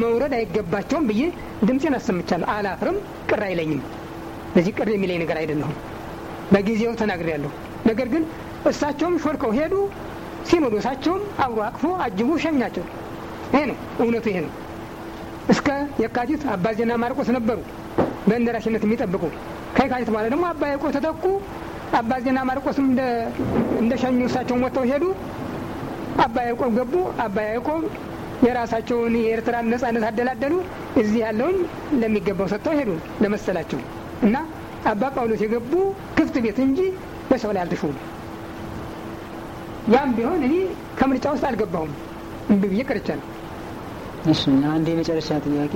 መውረድ አይገባቸውም ብዬ ድምፄን አሰምቻለሁ። አላፍርም፣ ቅር አይለኝም። በዚህ ቅር የሚለኝ ነገር አይደለሁም። በጊዜው ተናግሬያለሁ። ነገር ግን እሳቸውም ሾልከው ሄዱ፣ ሲኖዶሳቸውም አብሮ አቅፎ አጅቦ ሸኛቸው። ይሄ ነው እውነቱ፣ ይሄ ነው። እስከ የካቲት አባ ዜና ማርቆስ ነበሩ በእንደራሽነት የሚጠብቁ። ከየካቲት በኋላ ደግሞ አባ ተተኩ። አባ ዜና ማርቆስም እንደ ሸኙ እሳቸውን ወጥተው ሄዱ። አባ ያዕቆብ ገቡ። አባ ያዕቆብ የራሳቸውን የኤርትራን ነጻነት አደላደሉ። እዚህ ያለውን ለሚገባው ሰጥተው ሄዱ ለመሰላቸው እና አባ ጳውሎስ የገቡ ክፍት ቤት እንጂ በሰው ላይ አልተሾሙ ያም ቢሆን እኔ ከምርጫ ውስጥ አልገባሁም። እምቢ ብዬ ቀርቼ ነው። እሺ፣ አንድ የመጨረሻ ጥያቄ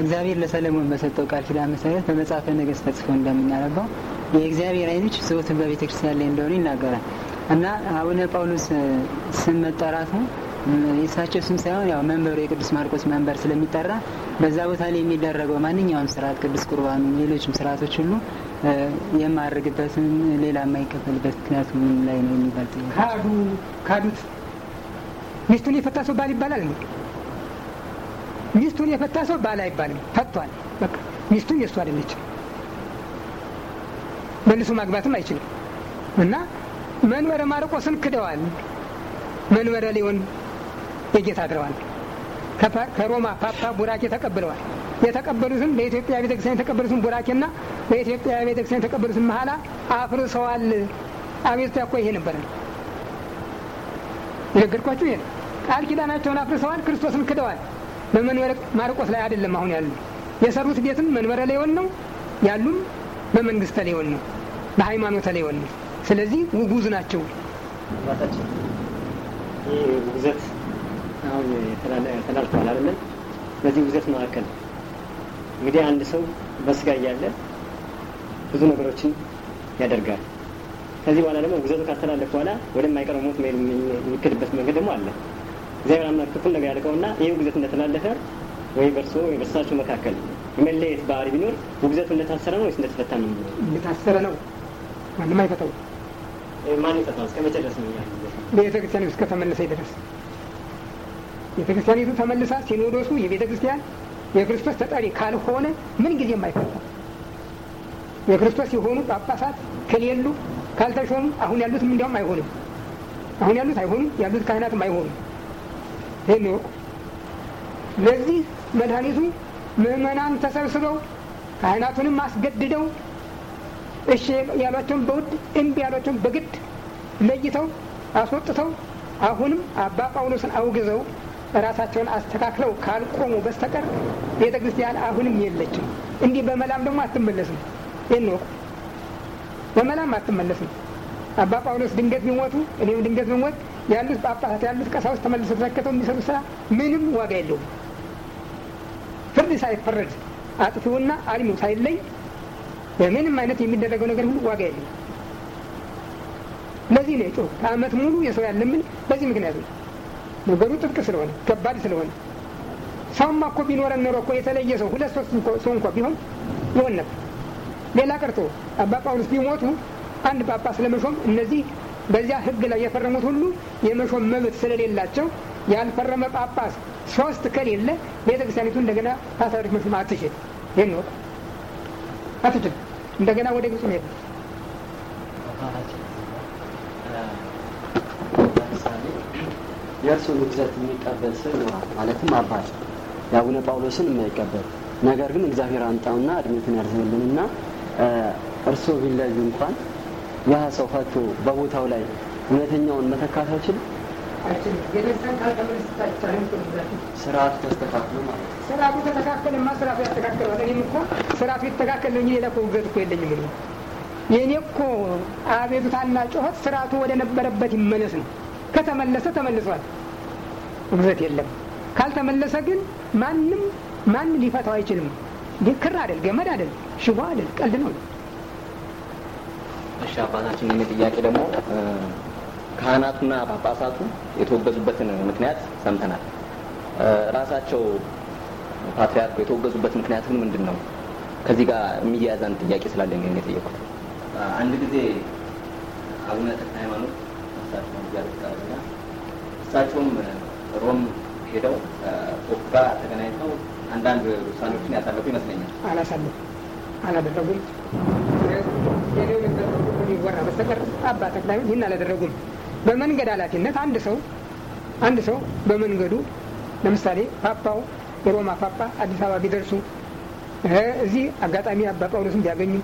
እግዚአብሔር ለሰለሞን በሰጠው ቃል ኪዳን መሰረት በመጽሐፈ ነገሥት ተጽፎ እንደምናረባው የእግዚአብሔር ዓይኖች ዘወትር በቤተ ክርስቲያን ላይ እንደሆኑ ይናገራል እና አቡነ ጳውሎስ ስም መጠራቱ የእሳቸው ስም ሳይሆን ያው መንበሩ የቅዱስ ማርቆስ መንበር ስለሚጠራ በዛ ቦታ ላይ የሚደረገው ማንኛውም ስርዓት ቅዱስ ቁርባኑ፣ ሌሎችም ስርዓቶች ሁሉ የማድረግበትም ሌላ የማይከፈልበት ምክንያት ምን ላይ ነው የሚባል ካዱ ካዱት ሚስቱን የፈታ ሰው ባል ይባላል እንዴ? ሚስቱን የፈታ ሰው ባል አይባልም። ፈቷል። በቃ ሚስቱ የእሱ አይደለች፣ መልሶ ማግባትም አይችልም። እና መንበረ ማርቆስን ክደዋል። መንበረ ሊሆን የጌታ አድረዋል። ከሮማ ፓፓ ቡራኬ ተቀብለዋል። የተቀበሉትን በኢትዮጵያ ቤተክርስቲያን የተቀበሉትን ቡራኬና በኢትዮጵያ ቤተክርስቲያን የተቀበሉትን መሀላ አፍርሰዋል። አቤቱ እኮ ይሄ ነበረ። የነገርኳችሁ ይሄ ነው። ቃል ኪዳናቸውን አፍርሰዋል፣ ክርስቶስን ክደዋል። በመንበረ ማርቆስ ላይ አይደለም አሁን ያሉ የሰሩት ቤትም መንበረ ላይሆን ነው ያሉም በመንግስተ ላይሆን ነው በሃይማኖተ ላይሆን ነው። ስለዚህ ውጉዝ ናቸው። ይህ ውግዘት አሁን ተላልፈዋል አይደለም? በዚህ ውግዘት መካከል እንግዲህ አንድ ሰው በስጋ እያለ ብዙ ነገሮችን ያደርጋል። ከዚህ በኋላ ደግሞ ጉዘቱ ካስተላለፍ በኋላ ወደማይቀረው ሞት የሚክድበት መንገድ ደግሞ አለ። እግዚአብሔር አምላክ ክፉን ነገር ያልቀውና ይህ ጉዘት እንደተላለፈ ወይ በእርሶ ወይ በእሳቸው መካከል የመለየት ባህሪ ቢኖር ውግዘቱ እንደታሰረ ነው ወይስ እንደተፈታ ነው? እንደታሰረ ነው። ማንም አይፈታው። ማን ይፈታው? እስከ መቼ ድረስ ነው ቤተ ክርስቲያን እስከ ተመለሰ ይደረስ። ቤተ ክርስቲያኒቱ ተመልሳ ሲኖዶሱ የቤተ ክርስቲያን የክርስቶስ ተጠሪ ካልሆነ ምን ጊዜ አይፈታም። የክርስቶስ የሆኑ ጳጳሳት ከሌሉ ካልተሾሙ አሁን ያሉትም እንዲያውም አይሆንም። አሁን ያሉት አይሆኑም፣ ያሉት ካህናትም አይሆኑም። ይህን ይወቁ። ለዚህ መድኃኒቱ ምእመናን ተሰብስበው ካህናቱንም አስገድደው እሺ ያሏቸውን በውድ እምቢ ያሏቸውን በግድ ለይተው አስወጥተው አሁንም አባ ጳውሎስን አውግዘው ራሳቸውን አስተካክለው ካልቆሙ በስተቀር ቤተ ክርስቲያን አሁንም የለችም። እንዲህ በመላም ደግሞ አትመለስም። ይህን ነው በመላም አትመለስም። አባ ጳውሎስ ድንገት ቢሞቱ እኔም ድንገት ብሞት ያሉት ጳጳሳት ያሉት ቀሳውስት ተመልሰው ተተክተው የሚሰሩ ስራ ምንም ዋጋ የለውም። ፍርድ ሳይፈረድ አጥፊውና አልሚው ሳይለይ በምንም አይነት የሚደረገው ነገር ሁሉ ዋጋ የለውም። ለዚህ ነው የጮህ ከዓመት ሙሉ የሰው ያለምን በዚህ ምክንያት ነው። ነገሩ ጥብቅ ስለሆነ ከባድ ስለሆነ ሰውማ እኮ ቢኖረን ኖሮ እኮ የተለየ ሰው ሁለት ሶስት ሰው እንኳ ቢሆን ይሆን ነበር። ሌላ ቀርቶ አባ ጳውሎስ ቢሞቱ አንድ ጳጳስ ለመሾም እነዚህ በዚያ ሕግ ላይ የፈረሙት ሁሉ የመሾም መብት ስለሌላቸው ያልፈረመ ጳጳስ ሶስት ከሌለ ቤተክርስቲያኒቱ እንደገና ፓትርያርክ መሾም አትችል። ይህን ወቅ አትችል። እንደገና ወደ ግጹ መሄድ የእርሱን ግዘት የሚቀበል ሰው ይኖራል። ማለትም አባት የአቡነ ጳውሎስን የማይቀበል ነገር ግን እግዚአብሔር አንጣውና እድሜትን ያርዝምልንና እርሶ ቢለዩ እንኳን ያ ሰው ፈቶ በቦታው ላይ እውነተኛውን መተካት አይችልም። ስርዓቱ ተስተካክሎ ማለት ነው። ስርዓቱ ስርዓቱ እኮ ስርዓቱ እንጂ ሌላ ውግዘት እኮ የለኝም። የእኔ እኮ አቤቱታና ጩኸት ስርዓቱ ወደ ነበረበት ይመለስ ነው። ከተመለሰ ተመልሷል፣ ውግዘት የለም። ካልተመለሰ ግን ማንም ማን ሊፈታው አይችልም። ይህ ክር አይደል፣ ገመድ አይደል፣ ሽቦ አይደል፣ ቀልድ ነው። እሺ አባታችን፣ ይህ ጥያቄ ደግሞ ካህናቱና ጳጳሳቱ የተወገዙበትን ምክንያት ሰምተናል። ራሳቸው ፓትሪያርኩ የተወገዙበት ምክንያት ግን ምንድን ነው? ከዚህ ጋር የሚያያዛን ጥያቄ ስላለኝ ነው የጠየቁት አንድ ጊዜ አቡነ ተክለ ሃይማኖት ሳቸው እሳቸውም ሮም ሄደው ፖፕ ጋር ተገናኝተው አንዳንድ ውሳኔዎችን ያሳለፉ ይመስለኛል። አላሳለፉ አላደረጉም። ይወራ በስተቀር አባ ጠቅላይ ይህን አላደረጉም። በመንገድ ኃላፊነት አንድ ሰው አንድ ሰው በመንገዱ ለምሳሌ ፓፓው የሮማ ፓፓ አዲስ አበባ ቢደርሱ እዚህ አጋጣሚ አባ ጳውሎስን ቢያገኙ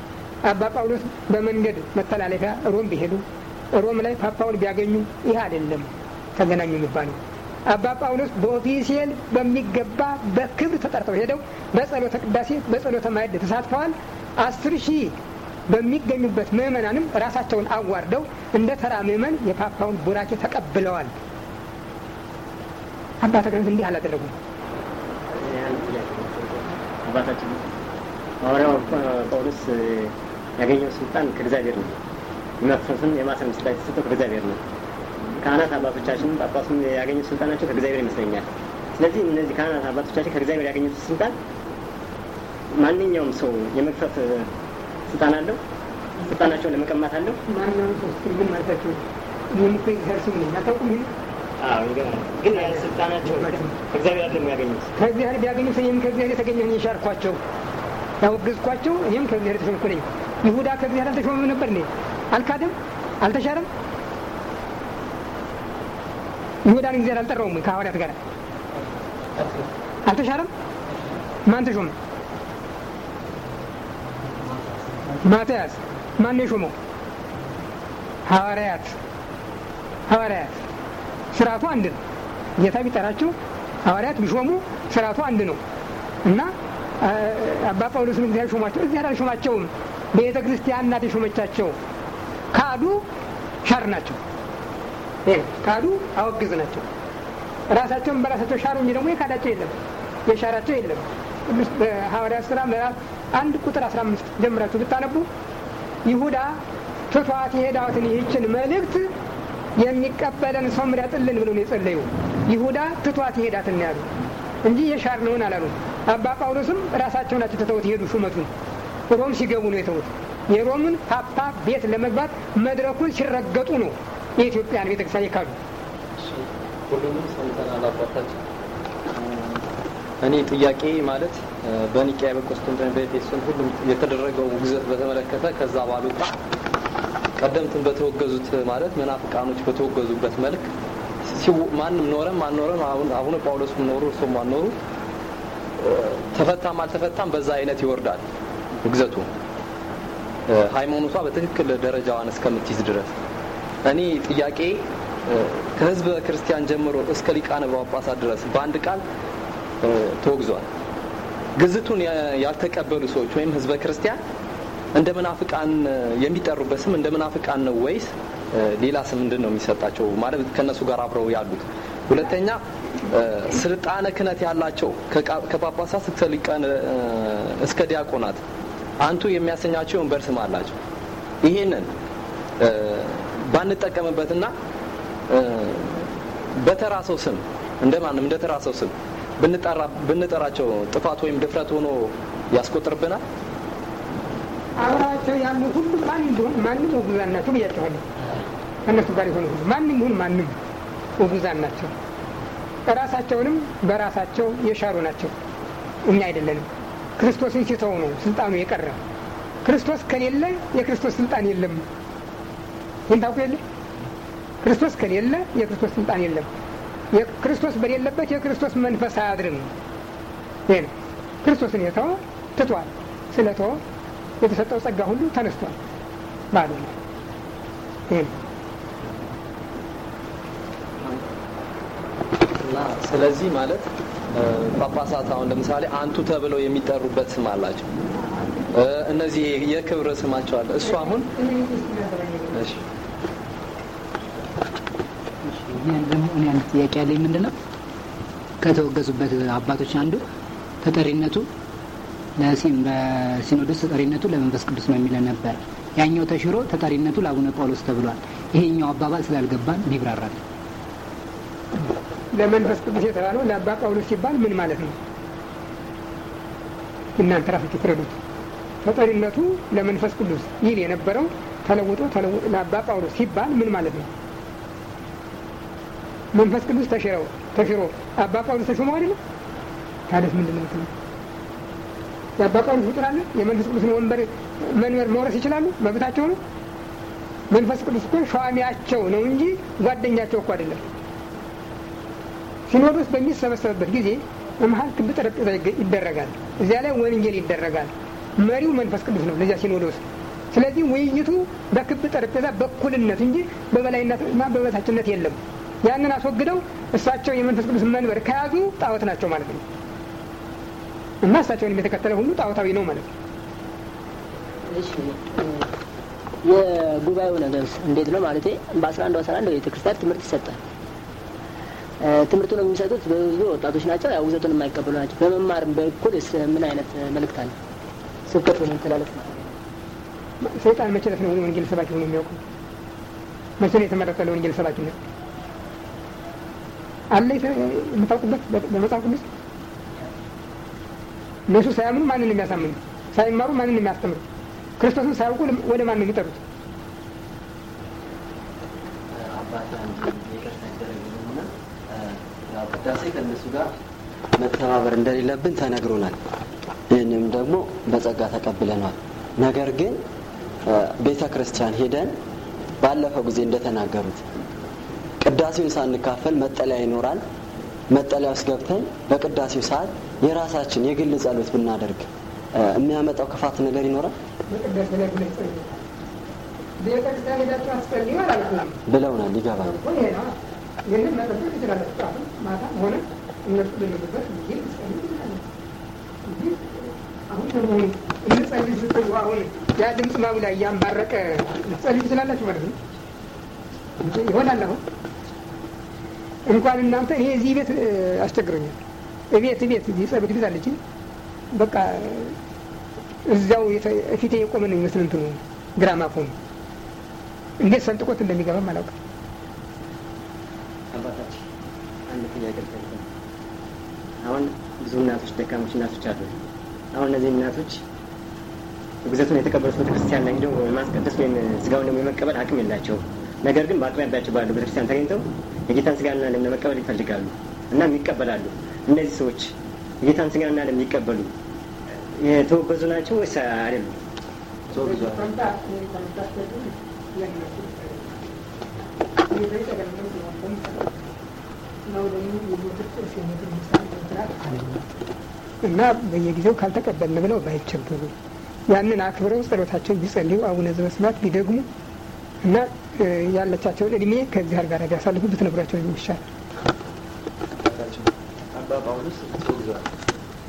አባ ጳውሎስ በመንገድ መተላለፊያ ሮም ቢሄዱ ሮም ላይ ፓፓውን ቢያገኙ ይህ አይደለም ተገናኙ የሚባሉ አባ ጳውሎስ በኦፊሴል በሚገባ በክብር ተጠርተው ሄደው በጸሎተ ቅዳሴ በጸሎተ ማየድ ተሳትፈዋል። አስር ሺህ በሚገኙበት ምእመናንም ራሳቸውን አዋርደው እንደ ተራ ምእመን የፓፓውን ቡራኬ ተቀብለዋል። አባ ተክለት እንዲህ አላደረጉም። አባታችን ሐዋርያው ጳውሎስ ያገኘው ስልጣን ከእግዚአብሔር ነው። መፍሰስን የማሰን ስልጣን የተሰጠው ከእግዚአብሔር ነው። ካህናት አባቶቻችን ጳጳሱ ያገኙት ስልጣናቸው ከእግዚአብሔር ይመስለኛል። ስለዚህ እነዚህ ካህናት አባቶቻችን ከእግዚአብሔር ያገኙት ስልጣን ማንኛውም ሰው የመግፈፍ ስልጣን አለው። ስልጣናቸውን ለመቀማት አለው። ማንኛውም ሰው ትርጉም ማለታቸው ግን ስልጣናቸው ከእግዚአብሔር አይደለም ያገኙት። ከእግዚአብሔር ቢያገኙት እኔም ከእግዚአብሔር የተገኘሁኝ የሻርኳቸው ያወገዝኳቸው ይህም ከእግዚአብሔር የተሾምኩ ነኝ። ይሁዳ ከእግዚአብሔር አልተሾመም ነበር እንዴ? አልካደም፣ አልተሻረም ይሁዳን ጊዜ አልጠራውም ወይ ከሐዋርያት ጋር አልተሻለም? ማን ተሾመ? ማትያስ ማን የሾመው? ሐዋርያት ሐዋርያት ስርዓቱ አንድ ነው። ጌታ ቢጠራቸው ሐዋርያት ቢሾሙ ስርዓቱ አንድ ነው እና አባ ጳውሎስን እግዚአብሔር ሾሟቸው። እግዚአብሔር አልሾማቸውም። ቤተ ክርስቲያን ናት የሾመቻቸው። ካዱ ሻር ናቸው። ካዱ አወግዝ ናቸው። ራሳቸውን በራሳቸው ሻሩ እንጂ ደግሞ የካዳቸው የለም የሻራቸው የለም። በሐዋርያት ስራ ምዕራፍ አንድ ቁጥር አስራ አምስት ጀምራችሁ ብታነቡ ይሁዳ ትቷት የሄዳትን ይህችን መልእክት የሚቀበለን ሰው ምረጥልን ብሎ ነው የጸለዩ። ይሁዳ ትቷት የሄዳትን ያሉ እንጂ የሻር ነውን አላሉ። አባ ጳውሎስም ራሳቸው ናቸው ትተውት የሄዱ ሹመቱን ሮም ሲገቡ ነው የተውት። የሮምን ፓፓ ቤት ለመግባት መድረኩን ሲረገጡ ነው የኢትዮጵያን ቤተክርስቲያን ይካዱ። እኔ ጥያቄ ማለት በኒቅያ በቆስጥንጥንያ በኤፌሶን ሁሉም የተደረገው ውግዘት በተመለከተ ከዛ ባሉጣ ቀደምትን በተወገዙት ማለት መናፍቃኖች በተወገዙበት መልክ ማንም ኖረም አልኖረም አቡነ ጳውሎስም ኖሩ እርሱም አልኖሩ ተፈታም አልተፈታም በዛ አይነት ይወርዳል ውግዘቱ ሃይማኖቷ በትክክል ደረጃዋን እስከምትይዝ ድረስ እኔ ጥያቄ ከህዝበ ክርስቲያን ጀምሮ እስከ ሊቃነ ጳጳሳት ድረስ በአንድ ቃል ተወግዟል። ግዝቱን ያልተቀበሉ ሰዎች ወይም ህዝበ ክርስቲያን እንደ መናፍቃን የሚጠሩበት ስም እንደ መናፍቃን ነው ወይስ ሌላ ስም ምንድን ነው የሚሰጣቸው? ማለት ከእነሱ ጋር አብረው ያሉት። ሁለተኛ ስልጣነ ክህነት ያላቸው ከጳጳሳት እስከ ዲያቆናት አንቱ የሚያሰኛቸው የወንበር ስም አላቸው። ይሄንን ባንጠቀምበትና በተራ ሰው ስም እንደማንም እንደ ተራ ሰው ስም ብንጠራቸው ጥፋት ወይም ድፍረት ሆኖ ያስቆጥርብናል። አብራቸው ያሉ ሁሉ ማንም እንደሆን ማንም ውጉዛን ናቸው ብያቸኋለሁ። ከእነሱ ጋር የሆኑ ሁሉ ማንም ይሁን ማንም ውጉዛን ናቸው። እራሳቸውንም በራሳቸው የሻሩ ናቸው። እኛ አይደለንም። ክርስቶስን ሲተው ነው ስልጣኑ የቀረ። ክርስቶስ ከሌለ የክርስቶስ ስልጣን የለም። ይህን ታውቁ የለ ክርስቶስ ከሌለ የክርስቶስ ስልጣን የለም። ክርስቶስ በሌለበት የክርስቶስ መንፈስ አያድርም። ይሄ ነው ክርስቶስን የተወ ትቷል። ስለተወ የተሰጠው ጸጋ ሁሉ ተነስቷል። ባሉ ነው። ይሄ ነው እና ስለዚህ ማለት ጳጳሳት አሁን ለምሳሌ አንቱ ተብለው የሚጠሩበት ስም አላቸው። እነዚህ የክብር ስማቸው አለ። እሱ አሁን እኔ አንድ ጥያቄ ያለኝ ምንድን ነው ከተወገዙበት አባቶች አንዱ ተጠሪነቱ በሲኖዶስ ተጠሪነቱ ለመንፈስ ቅዱስ ነው የሚለን ነበር። ያኛው ተሽሮ ተጠሪነቱ ለአቡነ ጳውሎስ ተብሏል። ይሄኛው አባባል ስላልገባን ቢብራራል። ለመንፈስ ቅዱስ የተባለው ለአባ ጳውሎስ ሲባል ምን ማለት ነው? እናንተ ራሳችሁ ትረዱት። ፈጠሪነቱ ለመንፈስ ቅዱስ ይል የነበረው ተለውጦ ለአባ ጳውሎስ ሲባል ምን ማለት ነው? መንፈስ ቅዱስ ተሽረው ተሽሮ አባ ጳውሎስ ተሾመው አይደለም? ታደስ ምንድን ነው የአባ ጳውሎስ ፍጡር አለ? የመንፈስ ቅዱስን ወንበር መንበር መውረስ ይችላሉ? መብታቸው ነው። መንፈስ ቅዱስ እኮ ሸዋሚያቸው ነው እንጂ ጓደኛቸው እኮ አይደለም። ሲኖዶስ በሚሰበሰብበት ጊዜ በመሀል ክብ ጠረጴዛ ይደረጋል። እዚያ ላይ ወንጌል ይደረጋል። መሪው መንፈስ ቅዱስ ነው ለዚያ ሲኖዶስ። ስለዚህ ውይይቱ በክብ ጠረጴዛ በኩልነት እንጂ በበላይነትና በበታችነት የለም። ያንን አስወግደው እሳቸው የመንፈስ ቅዱስ መንበር ከያዙ ጣዖት ናቸው ማለት ነው እና እሳቸውን የተከተለ ሁሉ ጣዖታዊ ነው ማለት ነው። የጉባኤው ነገርስ እንዴት ነው ማለት በአስራ አንዱ አስራ አንድ ቤተክርስቲያን ትምህርት ይሰጣል። ትምህርቱን የሚሰጡት በብዙ ወጣቶች ናቸው። ያው ውዘቱን የማይቀበሉ ናቸው። በመማርም በኩል ምን አይነት መልእክት አለ? ስብከት ሆነ የሚተላለፍ ነው። ሰይጣን መቼ ነው ወንጌል ሰባኪ ሆኖ የሚያውቁ? መቼ ነው የተመረጠ ለወንጌል ነው አለ የምታውቁበት በመጽሐፍ ቅዱስ እነሱ ሳያምኑ ማንን ነው የሚያሳምኑ? ሳይማሩ ማንን ነው የሚያስተምሩ? ክርስቶስን ሳያውቁ ወደ ማን ነው የሚጠሩት? ቅዳሴ ከእነሱ ጋር መተባበር እንደሌለብን ተነግሮናል። ይህንም ደግሞ በጸጋ ተቀብለናል። ነገር ግን ቤተ ክርስቲያን ሄደን ባለፈው ጊዜ እንደተናገሩት ቅዳሴውን ሳንካፈል መጠለያ ይኖራል። መጠለያ ውስጥ ገብተን በቅዳሴው ሰዓት የራሳችን የግል ጸሎት ብናደርግ የሚያመጣው ክፋት ነገር ይኖራል ብለውናል። ይገባል። እንጸልይ ስትሉ አሁን ያ ድምፅ ማጉላ እያንባረቀ ልትጸልዩ ትችላላችሁ ማለት ነው ይሆናል። አሁን እንኳን እናንተ እኔ እዚህ ቤት አስቸግረኛል። እቤት እዚህ የጸሎት ቤት አለችኝ። በቃ እዚያው ፊቴ የቆመ ነው ይመስል እንትኑ ግራማ ቆሙ እንዴት ሰንጥቆት እንደሚገባም አላውቅም። አባታችን አንድ ጥያቄ አሁን ብዙ እናቶች ደካሞች እናቶች አሉ አሁን እነዚህ እናቶች ግዘቱን የተቀበሉት ቤተክርስቲያን ላይ ሄደው የማስቀደስ ወይም ስጋውን ደግሞ የመቀበል አቅም የላቸው። ነገር ግን በአቅራቢያቸው ባለው ቤተክርስቲያን ተገኝተው የጌታን ስጋና ደም ለመቀበል ይፈልጋሉ እናም ይቀበላሉ። እነዚህ ሰዎች የጌታን ስጋና ደም ይቀበሉ የተወገዙ ናቸው ወይስ አይደሉም? እና በየጊዜው ካልተቀበልን ብለው ባይቸገሩ ያንን አክብረው ጸሎታቸው ቢጸልዩ አቡነ ዘበስብሐት ቢደግሙ እና ያለቻቸውን እድሜ ከዚህር ጋር ቢያሳልፉ ብትነግሯቸው ይሻል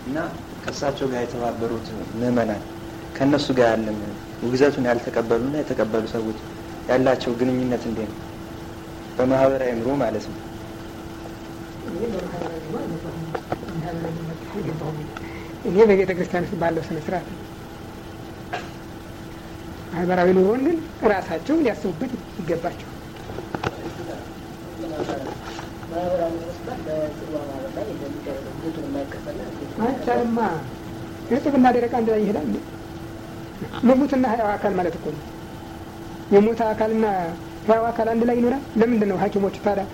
እና ከእሳቸው ጋር የተባበሩት ምእመናን ከእነሱ ጋር ያለን ውግዘቱን ያልተቀበሉና የተቀበሉ ሰዎች ያላቸው ግንኙነት እንዴ ነው? በማህበራዊ ኑሮ ማለት ነው። የገባው እኔ በቤተ ክርስቲያን ውስጥ ባለው ስነ ስርዓት ነው። ማህበራዊ ኑሮን ግን እራሳቸው ሊያስቡበት ይገባቸው። አይቻልማ። እርጥብና ደረቅ አንድ ላይ ይሄዳል። ሙትና ህያው አካል ማለት እኮ ነው። የሞተ አካልና ህያው አካል አንድ ላይ ይኖራል። ለምንድን ነው ሐኪሞች ታዲያ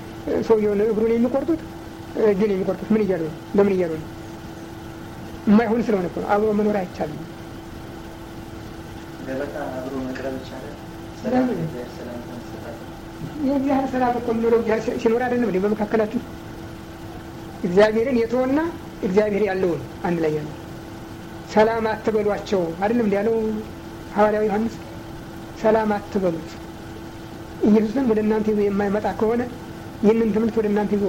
ሰውየውን እግሩን የሚቆርጡት እጁን የሚቆርጡት? ምን እያሉ ነው? ለምን እያሉ ነው? የማይሆን ስለሆነ እኮ ነው። አብሮ መኖር አይቻልም። የእግዚአብሔር ሰላም እኮ የሚኖረው ሲኖር አይደለም እንዴ? በመካከላችሁ እግዚአብሔርን የተወና እግዚአብሔር ያለውን አንድ ላይ ያለው ሰላም አትበሏቸው አይደለም እንዲ ያለው ሐዋርያው ዮሐንስ። ሰላም አትበሉት ኢየሱስን ወደ እናንተ ይዞ የማይመጣ ከሆነ ይህንን ትምህርት ወደ እናንተ ይዞ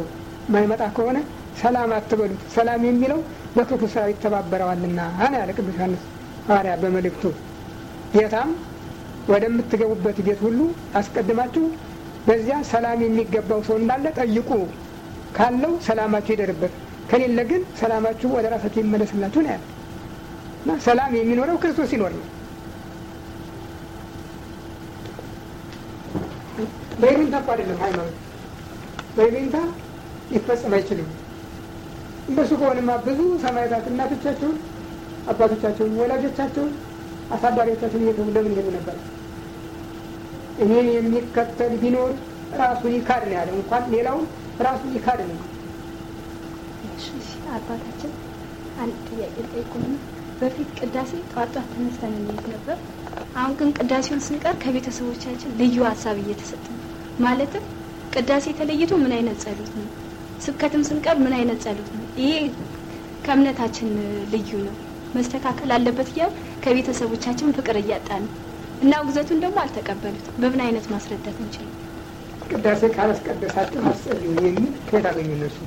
የማይመጣ ከሆነ ሰላም አትበሉት፣ ሰላም የሚለው በክፉ ስራ ይተባበረዋልና አነ ያለ ቅዱስ ዮሐንስ ሐዋርያ በመልእክቱ ጌታም ወደምትገቡበት ቤት ሁሉ አስቀድማችሁ በዚያ ሰላም የሚገባው ሰው እንዳለ ጠይቁ፣ ካለው ሰላማችሁ ይደርበት፣ ከሌለ ግን ሰላማችሁ ወደ ራሳችሁ ይመለስላችሁ ነው ያለ እና ሰላም የሚኖረው ክርስቶስ ሲኖር ነው። በይሉኝታ እኮ አይደለም ሃይማኖት፣ በይሉኝታ ሊፈጸም አይችልም። እንደሱ ከሆንማ ብዙ ሰማዕታት እናቶቻቸውን፣ አባቶቻቸውን፣ ወላጆቻቸውን፣ አሳዳሪዎቻቸውን እየተው ለምን ይሄዱ ነበር? እኔን የሚከተል ቢኖር ራሱን ይካድ ነው ያለ። እንኳን ሌላውን ራሱን ይካድ ነው። አባታችን አንድ ጥያቄ ልጠይቅዎና በፊት ቅዳሴ ጠዋት ጠዋት ተነስተን እንሄድ ነበር። አሁን ግን ቅዳሴውን ስንቀር ከቤተሰቦቻችን ልዩ ሀሳብ እየተሰጠ ነው። ማለትም ቅዳሴ ተለይቶ ምን አይነት ጸሎት ነው? ስብከትም ስንቀር ምን አይነት ጸሎት ነው? ይሄ ከእምነታችን ልዩ ነው፣ መስተካከል አለበት እያል ከቤተሰቦቻችን ፍቅር እያጣን እና ውግዘቱን ደግሞ አልተቀበሉትም። በምን አይነት ማስረዳት እንችል? ቅዳሴ ካላስቀደሳችሁ አትጸልዩ የሚል ከየት አገኙ እነሱ?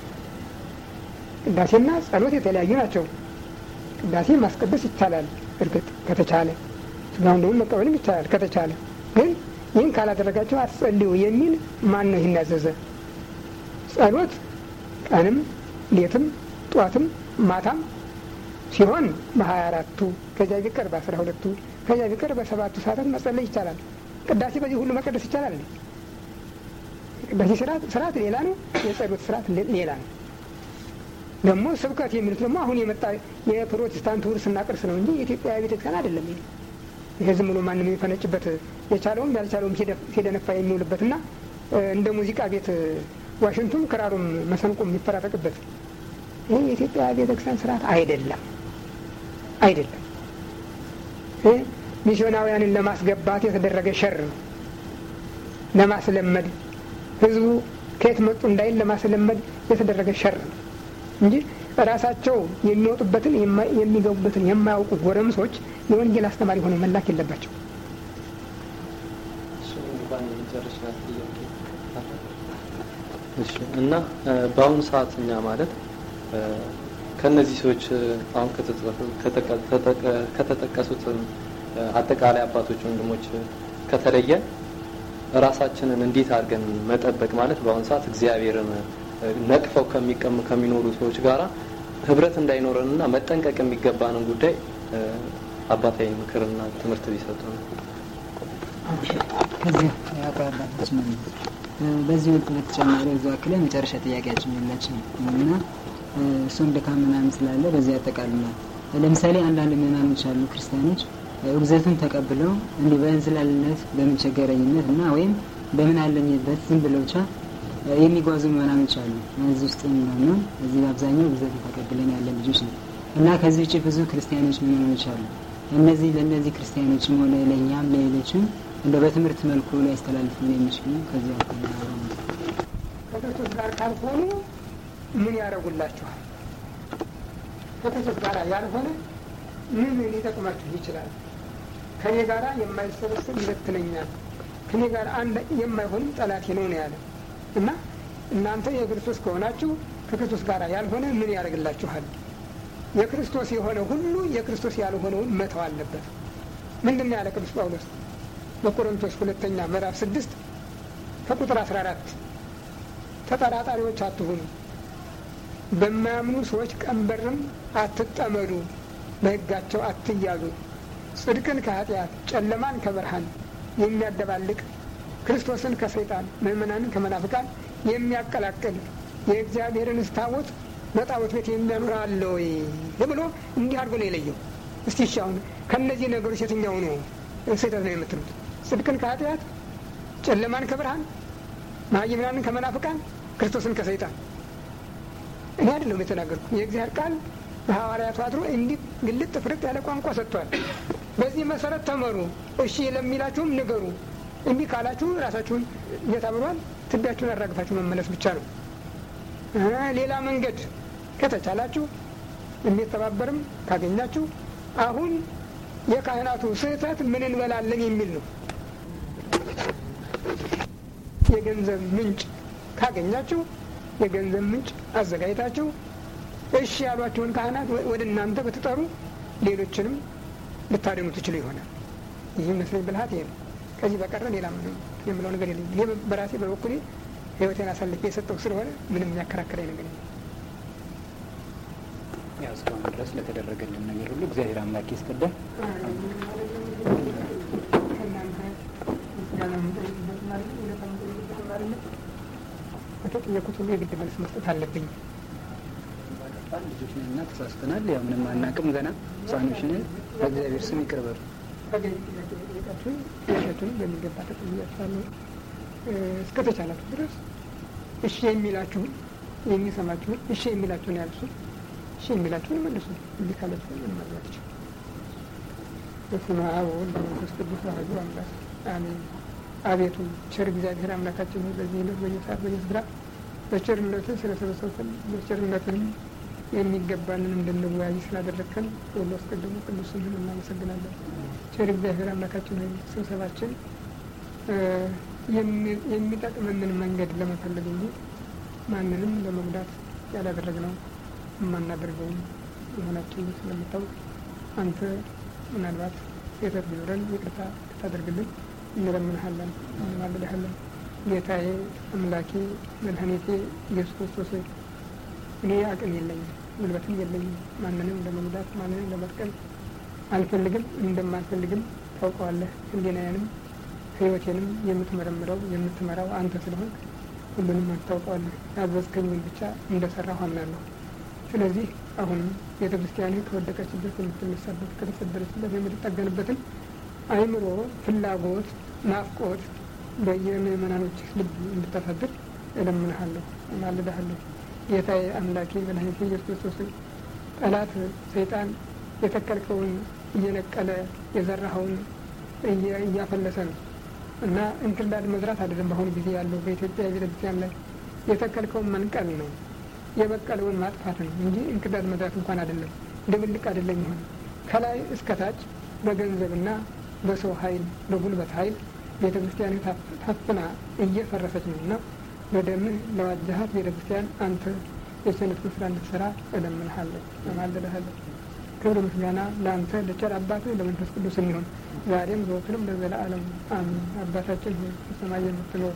ቅዳሴና ጸሎት የተለያዩ ናቸው። ቅዳሴ ማስቀደስ ይቻላል፣ እርግጥ ከተቻለ ስጋውን ደግሞ መቀበልም ይቻላል ከተቻለ። ግን ይህን ካላደረጋቸው አትጸልዩ የሚል ማን ነው ይህን ያዘዘ? ጸሎት ቀንም ሌትም ጠዋትም ማታም ሲሆን በሀያ አራቱ ከዚያ ቢቀር በአስራ ሁለቱ ከዚያ ቢቀር በሰባቱ ሰዓታት መጸለይ ይቻላል። ቅዳሴ በዚህ ሁሉ መቀደስ ይቻላል። ቅዳሴ ስርዓት ሌላ ነው። የጸሎት ስርዓት ሌላ ነው። ደግሞ ስብከት የሚሉት ደግሞ አሁን የመጣ የፕሮቴስታንት ውርስና ቅርስ ነው እንጂ የኢትዮጵያ ቤተክርስቲያን አይደለም። ይሄ ዝም ብሎ ማንም የሚፈነጭበት የቻለውም ያልቻለውም ሲደነፋ የሚውልበትና እንደ ሙዚቃ ቤት ዋሽንቱም ክራሩም መሰንቆም የሚፈራረቅበት ይህ የኢትዮጵያ ቤተክርስቲያን ስርዓት አይደለም አይደለም። ሚስዮናውያንን ለማስገባት የተደረገ ሸር ነው። ለማስለመድ ህዝቡ ከየት መጡ እንዳይል ለማስለመድ የተደረገ ሸር ነው እንጂ ራሳቸው የሚወጡበትን የሚገቡበትን የማያውቁ ጎረምሶች የወንጌል አስተማሪ ሆነው መላክ የለባቸው። እና በአሁኑ ሰዓት እኛ ማለት ከነዚህ ሰዎች አሁን ከተጠቀሱት አጠቃላይ አባቶች፣ ወንድሞች ከተለየ ራሳችንን እንዴት አድርገን መጠበቅ ማለት በአሁኑ ሰዓት እግዚአብሔርን ነቅፈው ከሚቀሙ ከሚኖሩ ሰዎች ጋራ ህብረት እንዳይኖረንና መጠንቀቅ የሚገባንን ጉዳይ አባታዊ ምክርና ትምህርት ቢሰጡ ነው። በዚህ መልኩ በተጨማሪ እዛ ክለ መጨረሻ ጥያቄያችን የላችን እና እሱን ድካም ምናምን ስላለ በዚህ ያጠቃልላል። ለምሳሌ አንዳንድ ምናምኖች አሉ ክርስቲያኖች እግዘቱን ተቀብለው እንዲህ በእንዝላልነት በምቸገረኝነት እና ወይም በምን አለኝበት ዝም ብለው ብቻ የሚጓዙ ምናምኖች አሉ። እዚህ ውስጥ ነው እዚህ አብዛኛው እግዘቱን ተቀብለን ያለ ልጆች ነው እና ከዚህ ውጭ ብዙ ክርስቲያኖች ምናምኖች አሉ። እነዚህ ለእነዚህ ክርስቲያኖችም ሆነ ለእኛም ለሌሎችም እንደ በትምህርት መልኩ ሊያስተላልፉ የሚችሉ ከዚህ ጋር ካልሆኑ ምን ያደረጉላችኋል? ከክርስቶስ ጋር ያልሆነ ምን ሊጠቅማችሁ ይችላል? ከኔ ጋር የማይሰበሰብ ይበትነኛል፣ ከኔ ጋር አንድ የማይሆንም ጠላቴ ነው ነው ያለ እና እናንተ የክርስቶስ ከሆናችሁ ከክርስቶስ ጋር ያልሆነ ምን ያደርግላችኋል? የክርስቶስ የሆነ ሁሉ የክርስቶስ ያልሆነውን መተው አለበት። ምንድን ነው ያለ ቅዱስ ጳውሎስ በቆሮንቶስ ሁለተኛ ምዕራፍ ስድስት ከቁጥር አስራ አራት ተጠራጣሪዎች አትሁኑ በማያምኑ ሰዎች ቀንበርም አትጠመዱ፣ በሕጋቸው አትያዙ። ጽድቅን ከኃጢአት ጨለማን ከብርሃን የሚያደባልቅ ክርስቶስን ከሰይጣን ምእመናንን ከመናፍቃን የሚያቀላቅል የእግዚአብሔርን ስታወት በጣዖት ቤት የሚያኖር አለ ወይ ብሎ እንዲህ አድርጎ ነው የለየው። እስቲ አሁን ከእነዚህ ነገሮች የትኛው ነው ስህተት ነው የምትሉት? ጽድቅን ከኃጢአት ጨለማን ከብርሃን ማህይምናንን ከመናፍቃን ክርስቶስን ከሰይጣን እኔ አይደለሁም የተናገርኩት። የእግዚአብሔር ቃል በሐዋርያቱ አድሮ እንዲህ ግልጥ ፍርጥ ያለ ቋንቋ ሰጥቷል። በዚህ መሰረት ተመሩ። እሺ ለሚላችሁም ንገሩ፣ እምቢ ካላችሁ ራሳችሁን ጌታ ብሏል፣ ትቢያችሁን አራግፋችሁ መመለስ ብቻ ነው። ሌላ መንገድ ከተቻላችሁ የሚተባበርም ካገኛችሁ አሁን የካህናቱ ስህተት ምን እንበላለን የሚል ነው። የገንዘብ ምንጭ ካገኛችሁ የገንዘብ ምንጭ አዘጋጅታችሁ እሺ ያሏቸውን ካህናት ወደ እናንተ ብትጠሩ ሌሎችንም ልታደኑ ትችሉ ይሆናል። ይህ መስለኝ ብልሃት ይሄ ነው። ከዚህ በቀረ ሌላ የምለው ነገር የለኝም። ይህ በራሴ በበኩሌ ህይወቴን አሳልፌ የሰጠው ስለሆነ ምንም የሚያከራከረኝ ነገር የለም። ያው እስካሁን ድረስ ለተደረገልን ነገር ሁሉ እግዚአብሔር አምላክ ይስቀደም። ከእናንተ በተጠየኩት ሁሉ የግድ መልስ መስጠት አለብኝ። ልጆች ተሳስተናል፣ ያው ምንም ገና በእግዚአብሔር ስም ይቅር በሉ። በሚገባ እስከተቻላችሁ ድረስ እሺ የሚላችሁን የሚሰማችሁን እሺ የሚላችሁን ያልሱ እሺ የሚላችሁን መልሱ። እንዲህ በስመ አብ ወወልድ ወመንፈስ ቅዱስ አሐዱ አምላክ አሜን። አቤቱ ቸር እግዚአብሔር አምላካችን ሆይ በዚህ ዕለት በዚህ በየስፍራ በቸርነትህ ስለሰበሰብከን በቸርነትህ የሚገባንን እንድንወያይ ስላደረግከን ሁሉ አስቀድሞ ቅዱስ ስምህን እናመሰግናለን። ቸር እግዚአብሔር አምላካችን ሆይ ስብሰባችን የሚጠቅመንን መንገድ ለመፈለግ እንጂ ማንንም ለመጉዳት ያላደረግነው የማናደርገውም የሆናችን ስለምታውቅ አንተ ምናልባት ስህተት ቢኖረን ይቅርታ ልታደርግልን እንለምንሃለን እንማልድሃለን። ጌታዬ አምላኬ መድኃኒቴ ኢየሱስ ክርስቶስ ሆይ እኔ አቅም የለኝም፣ ጉልበትም የለኝም። ማንንም ለመጉዳት ማንንም ለመጥቀም አልፈልግም፣ እንደማልፈልግም ታውቀዋለህ። ሕሊናዬንም ህይወቴንም የምትመረምረው የምትመራው አንተ ስለሆን ሁሉንም አታውቀዋለህ። ያዘዝከኝን ብቻ እንደሰራሁ አምናለሁ። ስለዚህ አሁንም ቤተ ክርስቲያንህ ከወደቀችበት የምትነሳበት ከተሰበረችበት የምትጠገንበትን አይምሮ፣ ፍላጎት፣ ናፍቆት በየምእመናኖች ልብ እንድታሳድር እለምንሃለሁ፣ እማልድሃለሁ። ጌታዬ አምላኬ መድኃኒቴ ኢየሱስ ክርስቶስን ጠላት ሰይጣን የተከልከውን እየነቀለ የዘራኸውን እያፈለሰ ነው እና እንክልዳድ መዝራት አይደለም በአሁኑ ጊዜ ያለው በኢትዮጵያ የቤተክርስቲያን ላይ የተከልከውን መንቀል ነው የበቀለውን ማጥፋት ነው እንጂ እንክልዳድ መዝራት እንኳን አይደለም፣ ድብልቅ አይደለም። ይሆን ከላይ እስከታች በገንዘብና በሰው ኃይል በጉልበት ኃይል ቤተ ክርስቲያን ታፍና እየፈረሰች ነው እና በደምህ ለዋጃሃት ቤተ ክርስቲያን አንተ የሰነፍኩን ስራ እንድትሰራ እለምንሃለሁ እማልድሃለሁ። ክብር ምስጋና ለአንተ ለቸር አባትህ ለመንፈስ ቅዱስ የሚሆን ዛሬም ዘወትርም ለዘለዓለም አሜን። አባታችን ሆይ በሰማይ የምትኖር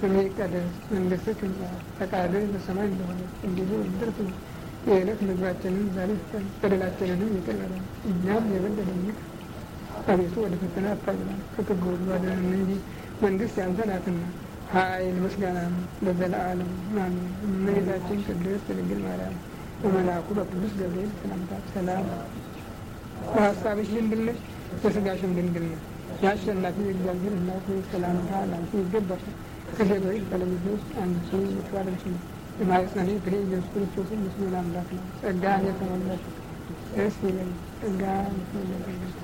ስምህ ይቀደስ፣ መንግስትህ ትምጣ፣ ፈቃድህ በሰማይ እንደሆነ እንዲሁ እንድርስ የዕለት ምግባችንን ዛሬ ስጠን፣ በደላችንንም ይቅር በለን እኛም የበደሉንን አቤቱ ወደ ፈተና አታግባን ከክፉ ሁሉ አድነን እንጂ መንግስት ያንተ ናትና ኃይል ምስጋና ነው ለዘለዓለም አሜን። እመቤታችን ቅድስት ድንግል ማርያም በመልአኩ በቅዱስ ገብርኤል ሰላምታ ሰላም በሀሳብሽ ድንግል ነሽ፣ በስጋሽም ድንግል ነሽ። የአሸናፊ እግዚአብሔር እናት ሆይ ሰላምታ ላንቺ ይገባሻል። ከሴቶች ባለቤቶች አንቺ የተባረክሽ ነው። የማኅፀንሽ ፍሬ ኢየሱስ ክርስቶስ ምስሉን አምላክ ነው። ጸጋን የተሞላሽ ደስ ይበል ምስሉ የተሞላሽ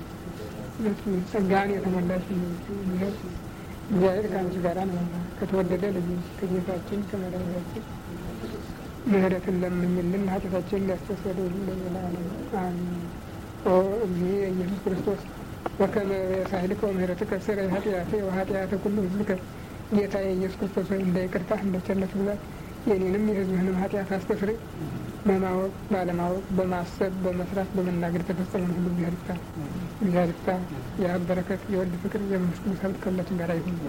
ጸጋን የተሞላሽ ልጅ እግዚአብሔር ከአንቺ ጋር ከተወደደ ልጅሽ ከጌታችን ከመድኃኒታችን ምሕረትን ለምኝልን ሊያስተሰርይልን ለዘላለም አሜን። ኦ እግዚእ ኢየሱስ ክርስቶስ ወከመ የሳህልከ ምሕረትከ ስረይ ወኃጢአተ ኩሉ ሕዝብከ ጌታዬ ኢየሱስ ክርስቶስ ሆይ እንደ ይቅርታህ እንደ ቸርነትህ ብዛት የኔንም የሕዝብህንም ኃጢአት አስተስርይ በማወቅ ባለማወቅ በማሰብ በመስራት በመናገር የተፈጸመን ሁሉ እግዚአብሔር ይፍታ። እግዚአብሔር ይፍታ። የአብ በረከት የወልድ ፍቅር የመንፈስ ቅዱስ ኅብረት ከሁላችን ጋር ይሁን።